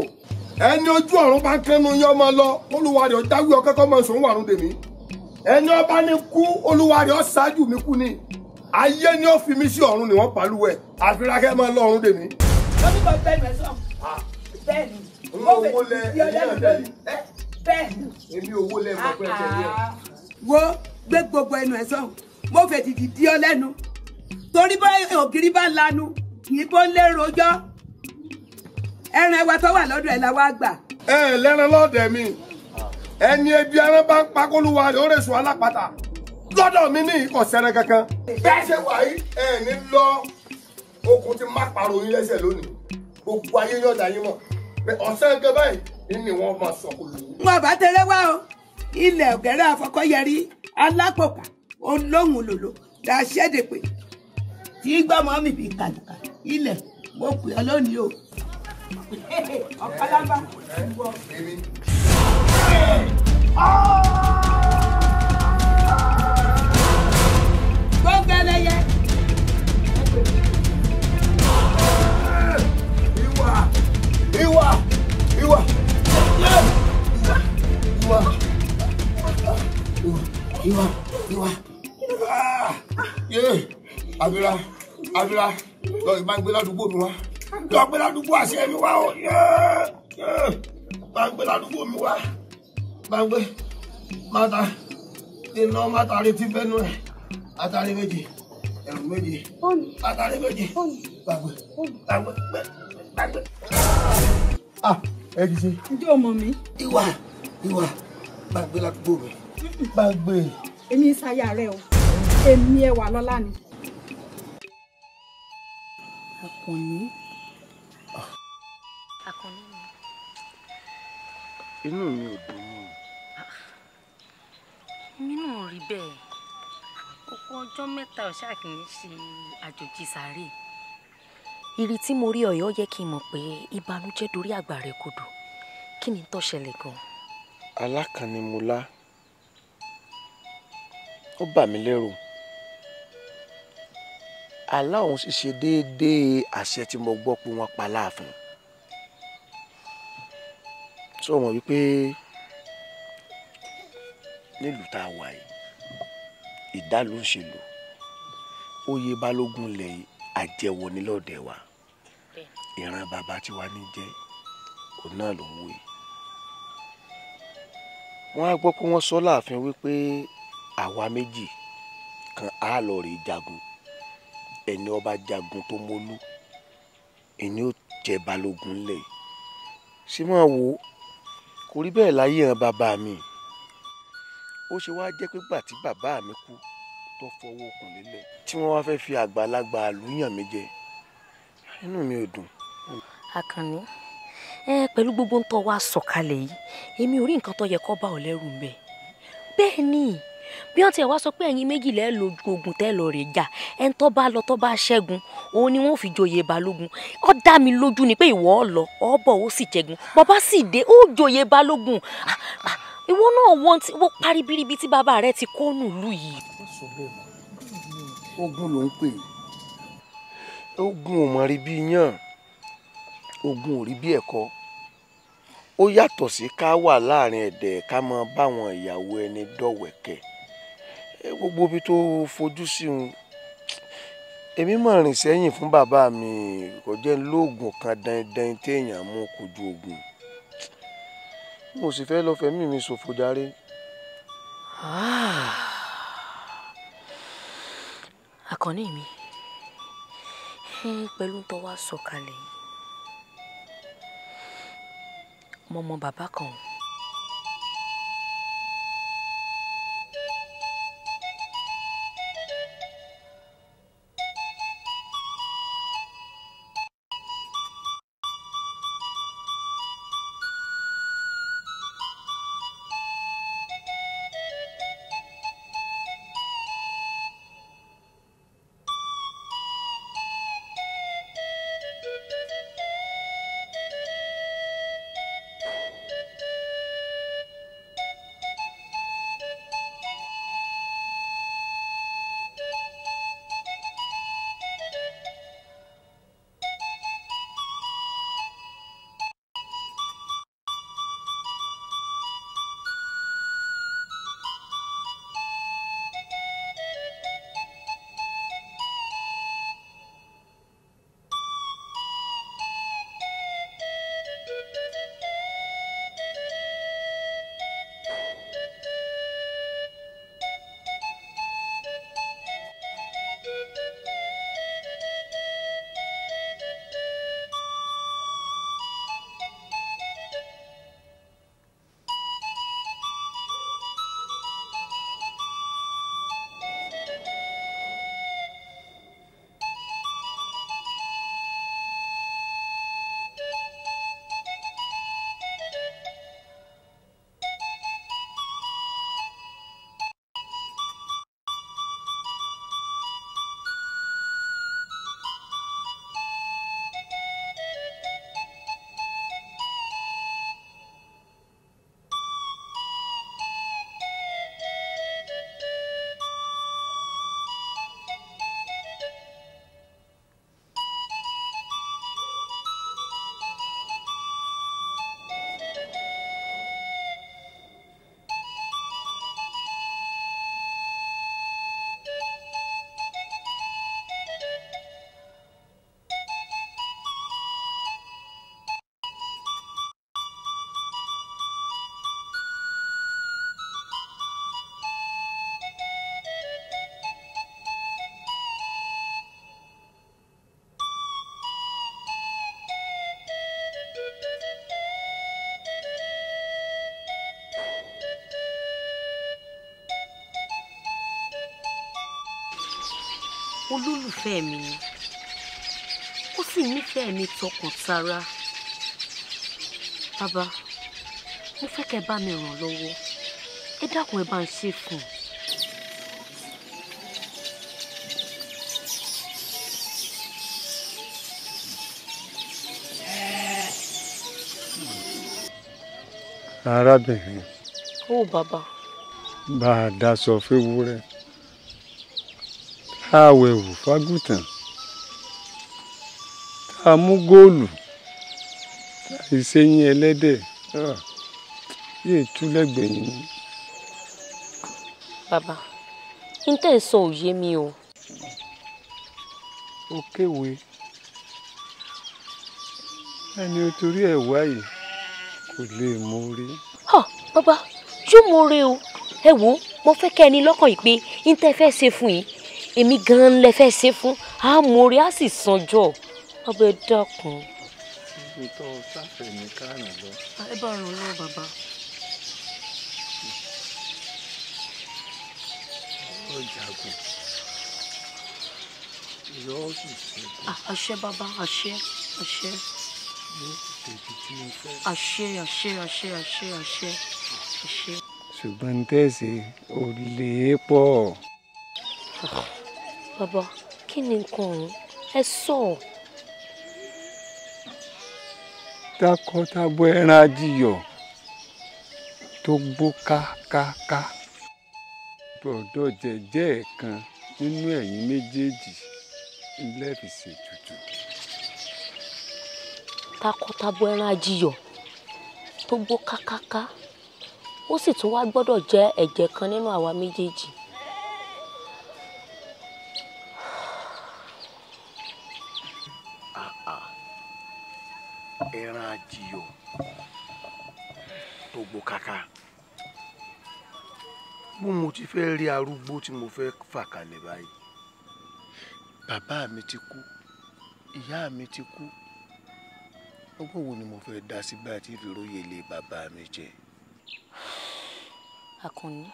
ẹni ojú ọ̀run bá kẹ́nu yín ọmọ lọ olúwa rẹ̀ dáwé ọkẹ́ kọ́ mọ̀ sùn wàrún dèmí ẹni ọba ní kú olúwa rẹ̀ ṣáájú mi kú ni ayé ni ó fi mí sí ọ̀run ni wọ́n pàlú ẹ̀ àfirakẹ́ máa lọ ọ̀run dèmí. lọ́dún kan bẹ́ẹ̀ ni ẹ̀sán bẹ́ẹ̀ ni ó wẹ̀ ti ọ̀dẹ́ mi lónìí bẹ́ẹ̀ ni. èmi owó lẹ́ mọ̀ pé ẹ̀jẹ̀ yẹn. Ah. wo gbé gbogbo ẹnu ẹ̀sán mo fẹ́ ti di di ọ lẹ́nu torí bá ògiri bá lanu kì í bó lérò ọjọ́ ẹran ẹwà tó wà lọ́dọ̀ ẹ̀ la wá gbà. ẹ ẹ lẹ́ran lọ́dọ̀ mi ẹni ebi ẹran bá ń pakólúwa yóò rèso alápàtà lọ́dọ̀ mi ní ikọ̀ sẹ́ran kankan. bẹ́ẹ̀ ṣe wà yìí ẹ ní lọ okùn ti má pàrọ̀ yín lẹ́sẹ̀ lónìí gbogbo ayé yọ̀dà yín mọ̀ ọ̀sẹ̀ gẹ́gẹ́ báyìí ni wọ́n máa sọ̀kò lónìí. wọn bá tẹrẹ wá o ilẹ̀ ọ̀gẹ́rẹ́ àfọkọ́yẹrí alápòkà olóhùn lòlò la ṣẹ́dẹ̀pẹ̀ tí gbọ́mọ́ mi fi kàlùkà ilẹ̀ mo pè ọ́ lónìí o ọ̀kadàmbá ìwọ. gbọ́ngẹlẹyẹ. ìwà ìwà ìwà ìwà ìwà ìwà ìwà. Ah, abira abira lọ ìbá ń gbé ládùúgbò mi wá jọ gbé ládùúgbò àṣẹ mi wá o bá ń gbé ládùúgbò mi wá bá ń gbé máta dènà máta retí fẹnu ẹ àtàrí méje ẹrù méje àtàrí méje gbàgbé gbàgbé gbàgbé. ah ẹ ti ṣe. ǹjẹ́ ọmọ mi. ìwà ìwà gbàgbé ládùúgbò mi gbàgbé. èmi ń sáyà rẹ o èmi ẹwà lọ́la ni. àkànní. inú mi ò dùn mọ́. mi náà rí bẹ́ẹ̀ òkú ọjọ́ mẹ́ta ọ̀ṣà kì í ṣe àjòjì sáré. ìrì tí mo rí ọ̀yọ́ yẹ kí n mọ̀ pé ìbànújẹ́ dorí àgbà rẹ̀ kodò kí ni tó ṣẹlẹ̀ gan-an. alákànni mo ó bà mí lẹ́rù àlá òun sì ṣe déédéé àṣẹ tí mo gbọ́ pé wọ́n pa láàfin sọ mọ̀ wípé nílùú tá a wà yìí ìdálò ń ṣe lò oyè balógun lẹ̀ àjẹwò nílọ̀dẹ̀ wa ìran bàbá tiwa ní jẹ́ òun náà ló ń wé wọ́n á gbọ́ pé wọ́n sọ láàfin wípé àwa méjì kan á lọ rèé jagun ẹni ọba jagun tó mólú ẹni ó jẹ balógun lẹ̀ sí máa wò kò rí bẹ́ẹ̀ láyé hàn bàbá mi ó ṣe wá jẹ́ pé gbà tí bàbá mi kú tó fọwọ́ okùn lélẹ̀ tí wọ́n wá fẹ́ fi àgbàlagbà àlùyàn mi jẹ inú mi ò dùn. Àkànní pẹ̀lú gbogbo ń tọ́ wa sọ̀kalẹ̀ yìí èmi ò rí nǹkan tó yẹ kó bá ọ lẹ́rù ń bẹ́ẹ̀ ni bí wọ́n tiẹ̀ wá sọ pé ẹ̀yin méjì lẹ́ẹ̀ lo oògùn tẹ́ lọ rè jà ẹ̀ ń tọ́ bá lọ tọ́ bá ṣẹ́gun òun ni wọ́n fi joyè balógun ó dá mi lójú ni pé ìwọ ọ lọ ọ bọ̀ ó sì jẹgun bàbá sì dé ó joyè balógun ah, ah, ìwọ náà wọ́n ti wọ́n parí bíríbí tí bàbá rẹ ti kó nùlù yìí. ogun ló ń pè é ogun ò mọ rí bí yàn ogun ò rí bí ẹ̀kọ ó yàtọ̀ sí ká wà láàrin ẹ̀dẹ̀ ká máa báwọn ìyàwó ẹni dọ̀wẹ̀kẹ̀ gbogbo ibi tó fojú sí òun èmi mọ̀ rìn sẹ́yìn fún bàbá mi kò jẹ́ lóògùn kan dandan téèyàn mú kojú ogun mo sì fẹ́ lọ fẹ̀mí mi ṣòfò jàre. Ah. àkànní mi pẹ̀lú tó wá sọ̀kalẹ̀ yìí mo mọ bàbá kan o. olólùfẹ́ mi ni ó sì nífẹ̀ẹ́ mi tọkàntara bàbá mo fẹ́ kẹ́ bá mi ràn lọ́wọ́ ẹ dákun ẹ bá ń ṣe fún un. arábìnrin. ó bàbá. bá a dá sọ fún ewúrẹ́ tá a wẹ̀wù fágùtàn tá a mú góòlù tá a ṣẹ́yìn ẹlẹ́dẹ̀ ah, yóò tú lẹ́gbẹ̀ẹ́ yìí. bàbá n tẹ́ ẹ sọ ò mi o. ó kéwèé ẹni o torí ẹ̀ wá yìí kò lè mọ orí. bàbá yóò mọ orí o ẹ wo mo fẹ́ kẹ́ ẹni lọ́kàn yìí pé n tẹ́ ẹ ṣe fún yìí èmi gan-an lẹ fẹ́ ṣe fún àmórí á sì sanjọ́ ọbẹ̀ dákun. ibi tó o sáfẹ̀ ní kárùn lọ. ẹ bá ràn lọ́wọ́ bàbá. ó jagun yóò sì ṣẹ́gun. àṣẹ bàbá àṣẹ àṣẹ. yóò sì àṣẹ àṣẹ àṣẹ àṣẹ àṣẹ àṣẹ. ṣùgbọ́n tẹ̀sí ò lè pọ̀. Oh bàbá kí ni nǹkan ọ̀hún ẹ sọ ọ́. takọtabo ẹran ajíyọ tó gbó kákáká gbọ́dọ̀ jẹjẹ ẹ̀kan nínú ẹ̀yin méjèèjì ilé fi ṣètùtù. takọtabo ẹran ajíyọ tó gbó kákáká ó sì tún wá gbọ́dọ̀ jẹ ẹ̀jẹ̀ kan nínú àwa méjèèjì. pé mo ti fẹ́ rí arúgbó tí mo fẹ́ fà kalẹ̀ báyìí bàbá mi ti kú ìyá mi ti kú ọgbọ́n wo ni mo fẹ́ dá sí báyìí tí ìròyìn ilé bàbá mi jẹ. àkànní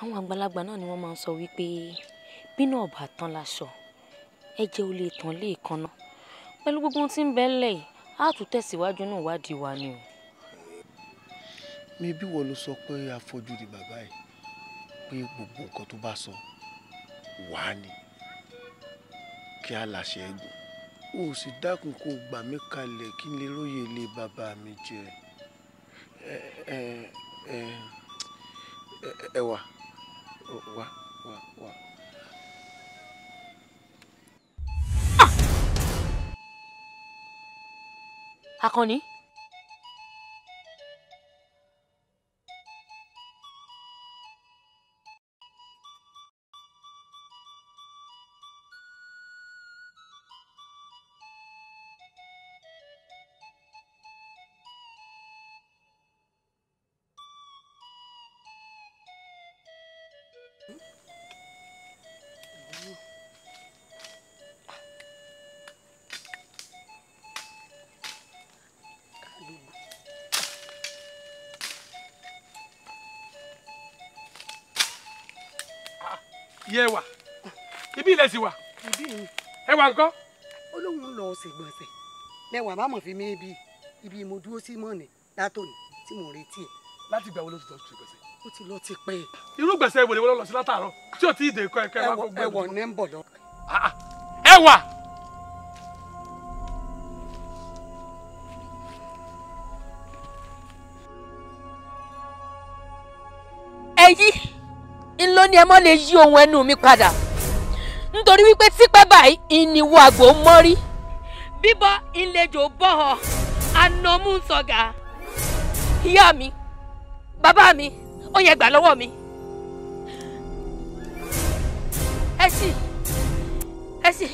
àwọn àgbàlagbà náà ni wọ́n máa ń sọ wípé bínú ọ̀bà tán láṣọ ẹ̀jẹ̀ ò lè tán lé ìkànnà pẹ̀lú gbogbo ohun tí ń bẹ́ẹ̀ lẹ̀ yìí á tún tẹ̀síwájú nínú ìwádìí wa ni o mi bí wọ́n ló sọ pé afọ́jú ni bàbá ẹ̀ pé gbogbo nǹkan tó bá sọ wàá ni kí á láṣẹ ẹ̀gùn o sì dákun kó o gbà mí kalẹ̀ kí n lè róye ilé bàbá mi jẹ ẹ ẹ ẹ ẹ wà wà wà wà. Àkànní. Ah! tí ẹ wà ibi ilẹ̀ sì wà ẹ wà ńkọ́. olóhùn lọ ṣègbọ̀nsẹ̀ lẹ́wọ̀n àbámọ̀ fi mí ibi ibi mo dúró sí mọ́ọ̀nì látòní tí mo retí ẹ̀. láti gbà wo ló ti lọ ṣègbọ̀nsẹ̀. ó ti lọ ti pẹ́. irú gbèsè ìwòlè wo ló lọ sí látàárọ̀ tí ò tí ì dé kọ́ ẹ̀kẹ́ wá gbogbo ẹ̀ ní ń bọ̀ lọ. Ah, ah. ẹ lónìí ẹ mọ́ lè yí ohun ẹnu mi padà nítorí wípé tipẹ́ báyìí ìníwó àgbò mọ́rí. bíbọ ìlejò bọ́họ̀ anamúsọ̀gà ìyá mi bàbá mi ó yẹ gbà lọ́wọ́ mi. ẹ sì ẹ sì.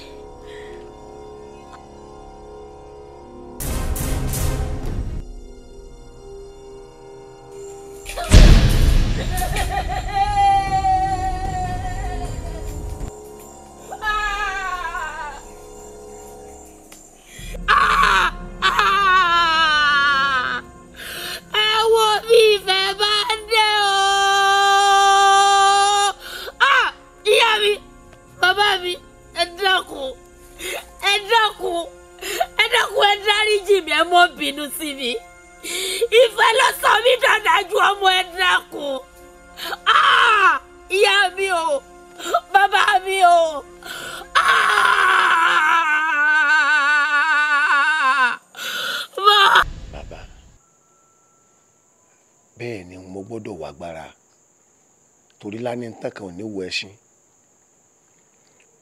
yorùbá ní nǹkan kan ò ní wọ ẹṣin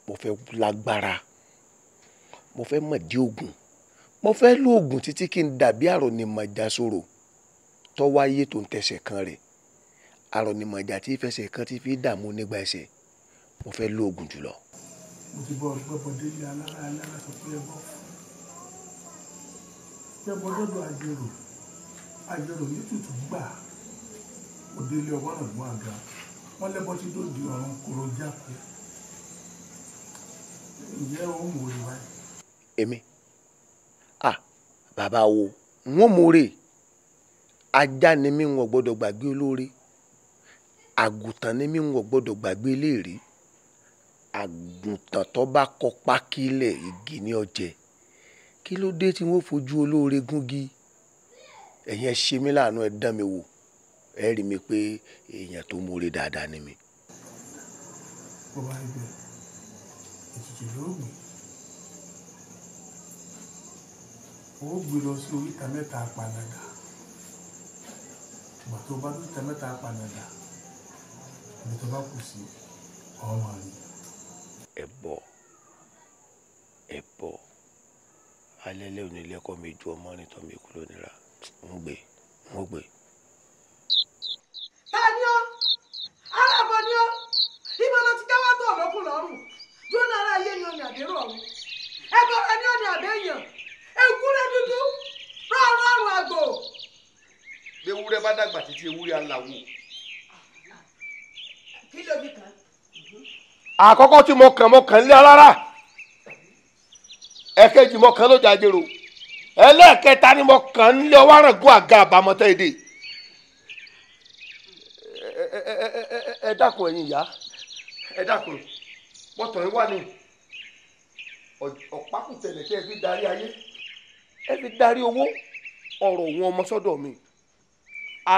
mo fẹ́ lágbára mo fẹ́ mọ̀dí oògùn mo fẹ́ lo oògùn títí kí n dàbí àrònìmọ̀já sòrò tọ́wọ́ ayé tó ń tẹsẹ̀ kan rẹ̀ àrònìmọ̀já tí fẹsẹ̀ kan ti fi dààmú nígbà ẹsẹ̀ mo fẹ́ lo oògùn jùlọ. mo ti bọ ọgbọ́n délé alára alára sọ pé ẹ bọ́ ẹ bọ́ dọ́dọ̀ àjèrò àjèrò ní gbà òdélé ọgbọ́n àga wọ́n lẹ́bọ̀ tí tó di ọ̀run kòrò jáko ǹjẹ́ ó mú orí wáyé. èmi ah bàbá wo wọn mórè ajá ni mí wọn gbọ́dọ̀ gbàgbé olóore àgùntàn ni mí wọn gbọ́dọ̀ gbàgbé léèrè àgùntàn tó bá kọ pákílẹ̀ igi ní ọjẹ́ kí ló dé tí wọ́n fojú olóore gúngi ẹ̀yin ẹ ṣe mí láàánú ẹ dán mi wò ẹ rí mi pé èèyàn tó múre dáadáa ni mi. bó bá rí bẹ́ẹ̀ èjìjì ló gbìn ó gbìn lọ sí oríta mẹ́ta apànàgà ìgbà tó bá lóríta mẹ́ta apànàgà ibi tó bá kù sí ọmọ rẹ. ẹ bọ ẹ bọ alẹ́ lẹ́yìn onílẹ̀kọ́ mi ju ọmọ nítorí mi kúrò nira ń gbé ń gbé. títí ewu ya kí ló bí kan. àkọ́kọ́ tí mo kàn mo kàn lé alára ẹ̀kejì mo kàn ni mo nle lé ọwọ́ àrùngún àga àbámọ́tẹ́ èdè ẹ ya ẹ̀yin ìyá ẹ dákun pọ́tọ̀ yín wà ní ẹ fi ẹ fi mi.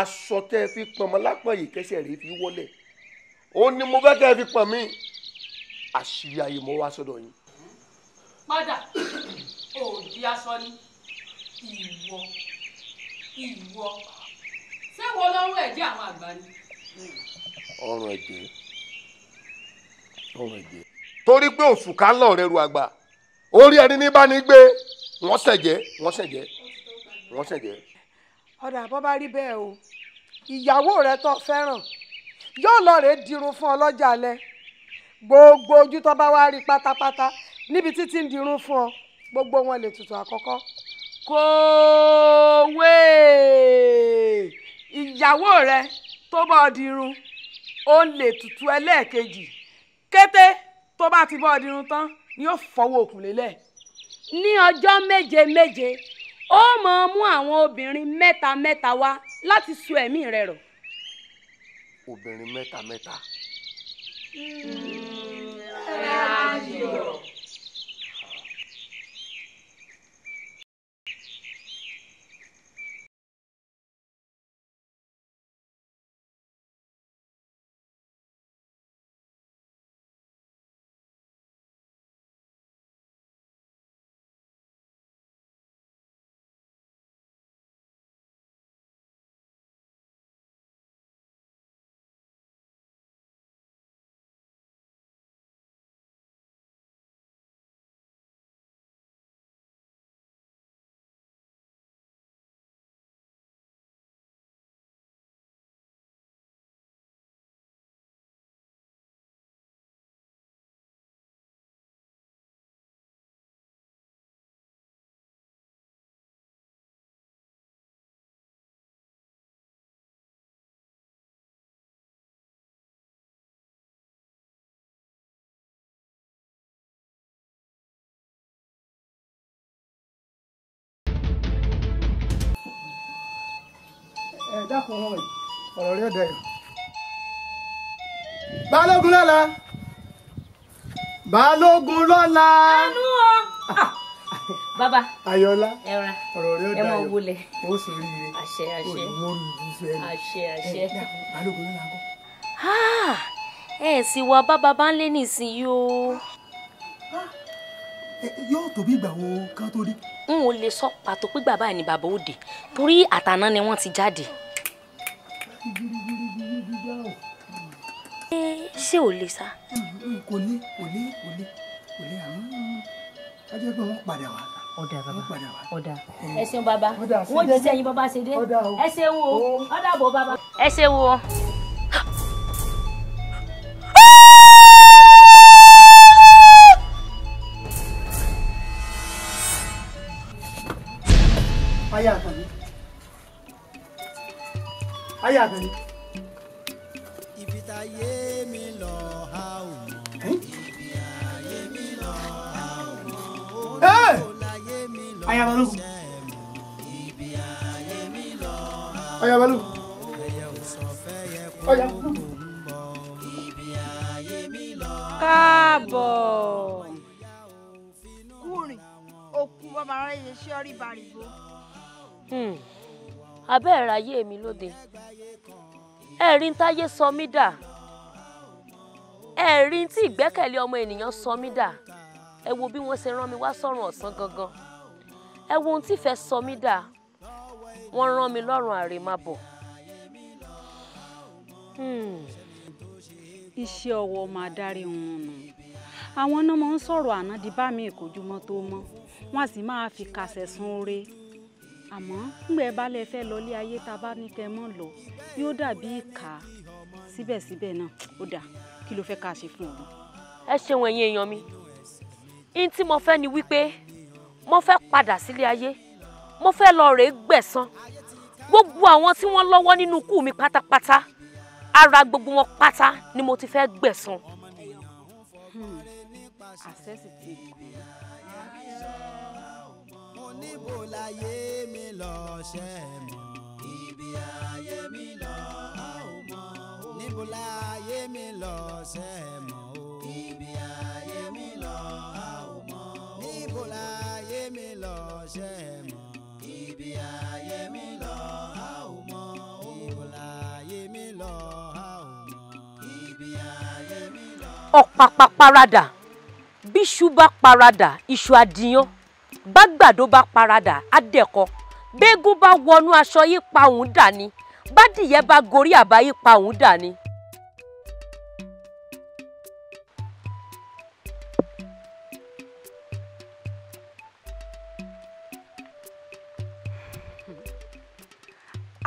aṣọ tẹ́ ẹ fi pọ̀nmọ́ lápọ̀n yìí kẹsẹ̀ rèé fi wọlé ó ní mo fẹ́ kẹ́ ẹ fi pọ̀n mí àṣírí ayé mo wá sọ́dọ̀ yín. padà òdi aṣọ ni ìwọ ìwọ ṣé wo lọ́rùn ẹ̀jẹ̀ àwọn àgbà ni. ọrùn ẹ̀jẹ̀ ọrùn ẹ̀jẹ̀. torí pé òṣùká ńlọ rẹ ru àgbà orí ẹni ní bá ní gbé wọ́n ṣẹ̀jẹ̀ wọ́n ṣẹ̀jẹ̀ wọ́n ṣẹ̀jẹ̀ ọ̀dà bọ́ bá rí bẹ́ẹ̀ o ìyàwó rẹ tó fẹ́ràn yóò lọ rèé dirun fún ọ lọ́jà alẹ́ gbogbo ojú tó bá wá rí pátápátá níbi títí ń dirun fún ọ gbogbo wọn lè tutù àkọ́kọ́ kòwé ìyàwó rẹ tó bá ọ dirun ó lè tutù ẹlẹ́ẹ̀kejì kété tó bá ti bá ọ dirun tán ni ó fọwọ́ òkùnlélẹ̀ ní ọjọ́ méje méje ó máa mú àwọn obìnrin mẹ́ta mẹ́ta wá láti so ẹ̀mí rẹ̀ rọ̀. obìnrin mẹ́ta mẹ́ta. Mm, ẹ dákun ọ̀rọ̀ yìí ọ̀rọ̀ rẹ̀ dẹ̀yọ̀. balógun lọ́la balógun lọ́la. ẹnu o ah, bàbá ayọ̀lá ọ̀rọ̀ rẹ̀ dẹ̀yọ̀ ẹ mọ̀ wulẹ̀ ó sì rí i àṣẹ àṣẹ àṣẹ àṣẹ balógun lọ́la kọ́. Ah, ẹ sì wá bàbá bá ń lé nísìnyí o. Ah, yóò tóbi ìgbà wo kán tó dé. n ò lè sọ pàtó pé bàbá ni bàbá òde torí àtàná ni wọ́n ti jáde ṣé ò lè sá. kò ní kò ní kò ní kò ní àmú ẹ pé wọ́n padà wá ọ̀dà bàbá ọ̀dà. ẹ ṣeun bàbá wọ́n jí sẹ́yìn bàbá ṣe dé ẹ ṣeun o ọ̀dà bò bàbá. ẹ ṣeun o. ayé àkànní. ibi tá a yé mi lọ a ò mọ hmm? ibi ayé mi lọ a ò mọ olùkọ́láyé mi lọ ṣẹ́ mọ ibi ayé mi lọ a ò mọ ẹyẹ ò sọ fẹ́ yẹ kó o ń bọ̀ ibi ayé mi lọ. káàbọ̀ kúrin òkú ọmọ aráyé ṣe ọ́ rí bàrìgbò hmm. abẹ́ ẹ̀ráyé mi lóde ẹ̀rí ń táyé sọ mí dà ẹ̀rí ń tí ìgbẹ́kẹ̀lé ọmọ ènìyàn sọ mí dà ẹ wo bí wọ́n ṣe rán mi wá sọ́run ọ̀sán gangan ẹ wo ohun tí ìfẹ́ sọ mí dà wọ́n rán mi lọ́rùn àrèmábọ̀. Hmm. iṣẹ́ ọwọ́ máa dárí wọn nù àwọn náà ń sọ̀rọ̀ àná di bá mi ìkójúmọ́ tó mọ́ wọ́n sì máa fi kàṣẹ̀ sun oore àmọ́ ńgbẹ́ balẹ̀ fẹ́ lọlé ayé tá a bá ní kẹ́ mọ́ lọ yóò dàbí ìkà síbẹ̀síbẹ̀ náà ó dà kí ló fẹ́ ká ṣe fún ọ. ẹ ṣeun ẹ̀yin èèyàn mi ihun tí mo fẹ́ ni wípé mo fẹ́ padà sílé ayé mo fẹ́ lọ rèé gbẹ̀san gbogbo àwọn tí wọ́n lọ́wọ́ nínú ikú mi pátápátá ara gbogbo wọn pátá ni mo ti fẹ́ gbẹ̀san. Hmm, àṣẹ níbo láyé mi lọ ṣe mọ̀. ibi ayé mi lọ a ò mọ̀ o. níbo láyé mi lọ ṣe mọ̀ o. ibi ayé mi lọ a ò mọ̀ o. níbo láyé mi lọ ṣe mọ̀. ibi ayé mi lọ a ò mọ̀ o. níbo láyé mi lọ a ò mọ̀. ibi ayé mi lọ. ọ̀pá paparadà bíṣu bá paradà iṣu adìyàn bágbàdo bá paradà á dẹ̀kọ bẹ́gùn bá wọnú aṣọ yìí pa òun dà ni bádìyẹ bá gorí àbá yìí pa òun dà ni.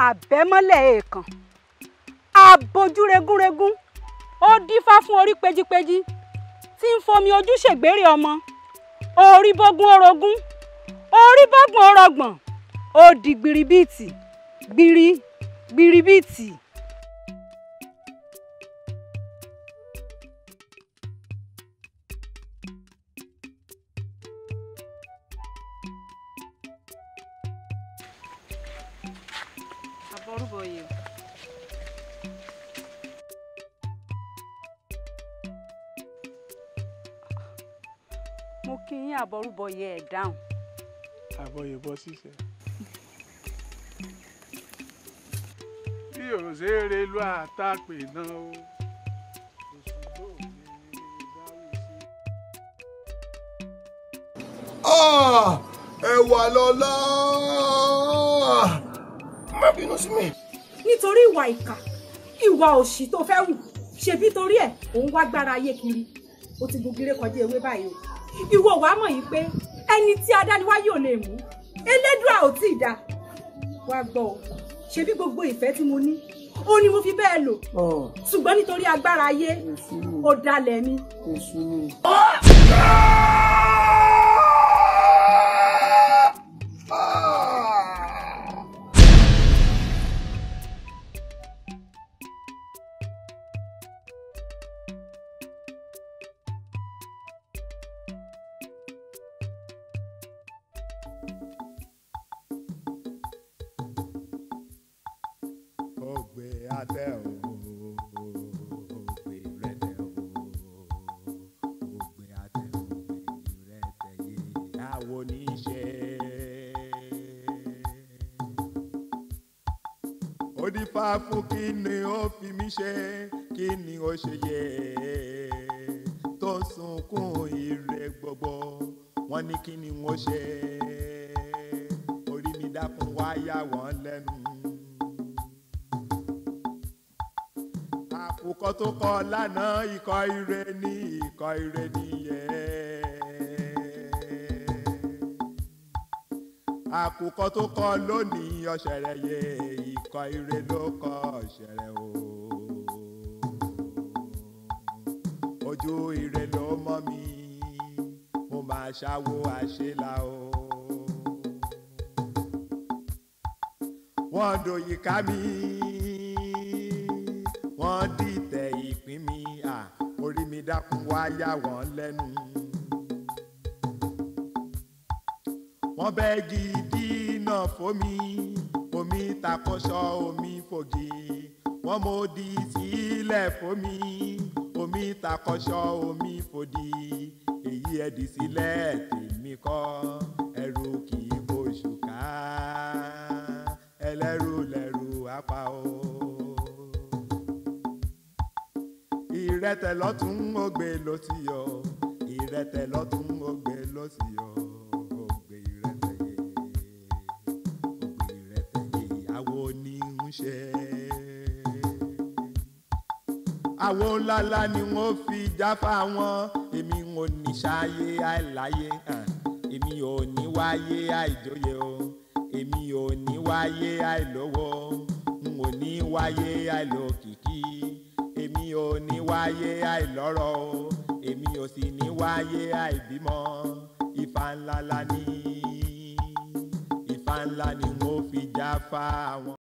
àbẹ́mọ́lẹ̀ èèkàn àbójú regúnregún ó dífá fún orí péjípéjí tí ń fomi ojú ṣègbèrè ọmọ orí bọ́gbọ́n orogún orí bọ́gbọ́n orọgbọ̀n ó di gbiribíìtì gbiri gbiribíìtì. àbọ̀rúbọ̀ yìí. fi yín àbọrúbọ yẹ ẹ̀ dáhùn. àbọyèbọ ṣiṣẹ. bí òṣèré ló àtàpè náà o. ẹwà lọ́lá má bínú sí mi. nítorí ìwà ìkà ìwà òṣì tó fẹ́ wù ṣebí torí ẹ̀ òun wá gbára ayé kiri ó ti gbogire kọjá ewé báyìí o ìwọ wàá mọ̀ yìí pé ẹni tí adániwáyé ò lè mú elédùà ò tí ì dá wàá gbọ́ ọ ṣebí gbogbo ìfẹ́ tí mo ní ó ní mo fi bẹ́ẹ̀ lò ṣùgbọ́n nítorí agbára ayé ó dalẹ̀ mi. bá fún kí ni ó fi mí ṣe kí ni ó ṣe yẹ tó sunkún ìrẹ́ gbọ́gbọ́ wọ́n ní kí ni wọ́n ṣe orí mi dákun wá yà wọ́n lẹ́nu. àkùkọ tó kọ lánàá ikọ̀ ire ní ikọ̀ ire nìyẹn. àkùkọ tó kọ lónìí ọ̀sẹ̀rẹ̀ yẹ ikọ̀ ire ló kọ ọ̀sẹ̀rẹ̀ o. ojú ire ló mọ́ mi mo máa ṣàwo àṣelà o. wọ́n dòyìn ká mi wọ́n dìtẹ̀ ìpín mi orí mi dákun wá yà wọ́n lẹ́nu. wọ́n bẹ́ gidi náà fomi omi takọ́ṣọ́ omi fògì wọ́n mo di sílẹ̀ fomi omi takọ́ṣọ́ omi fòdì èyí ẹ̀ di sílẹ̀ tèmi kọ́ ẹrù kì í bóṣù ká ẹlẹ́rù lẹ́rù apá o. ìrẹtẹ̀ lọ́tún ó gbé lọ sí ọ ìrẹtẹ̀ lọ́tún ó gbé lọ sí ọ. lálá ni wọ́n fi jáfa wọn èmi ò ní ṣáyé àìláyé èmi ò ní wáyé àìjóyè o èmi ò ní wáyé àìlówó n ò ní wáyé àìlókìkí èmi ò ní wáyé àìlọ́rọ̀ o èmi ò sì ní wáyé àìbímọ ìfà ńlá la ni, ìfà ńlá ni mo fi jáfa wọn.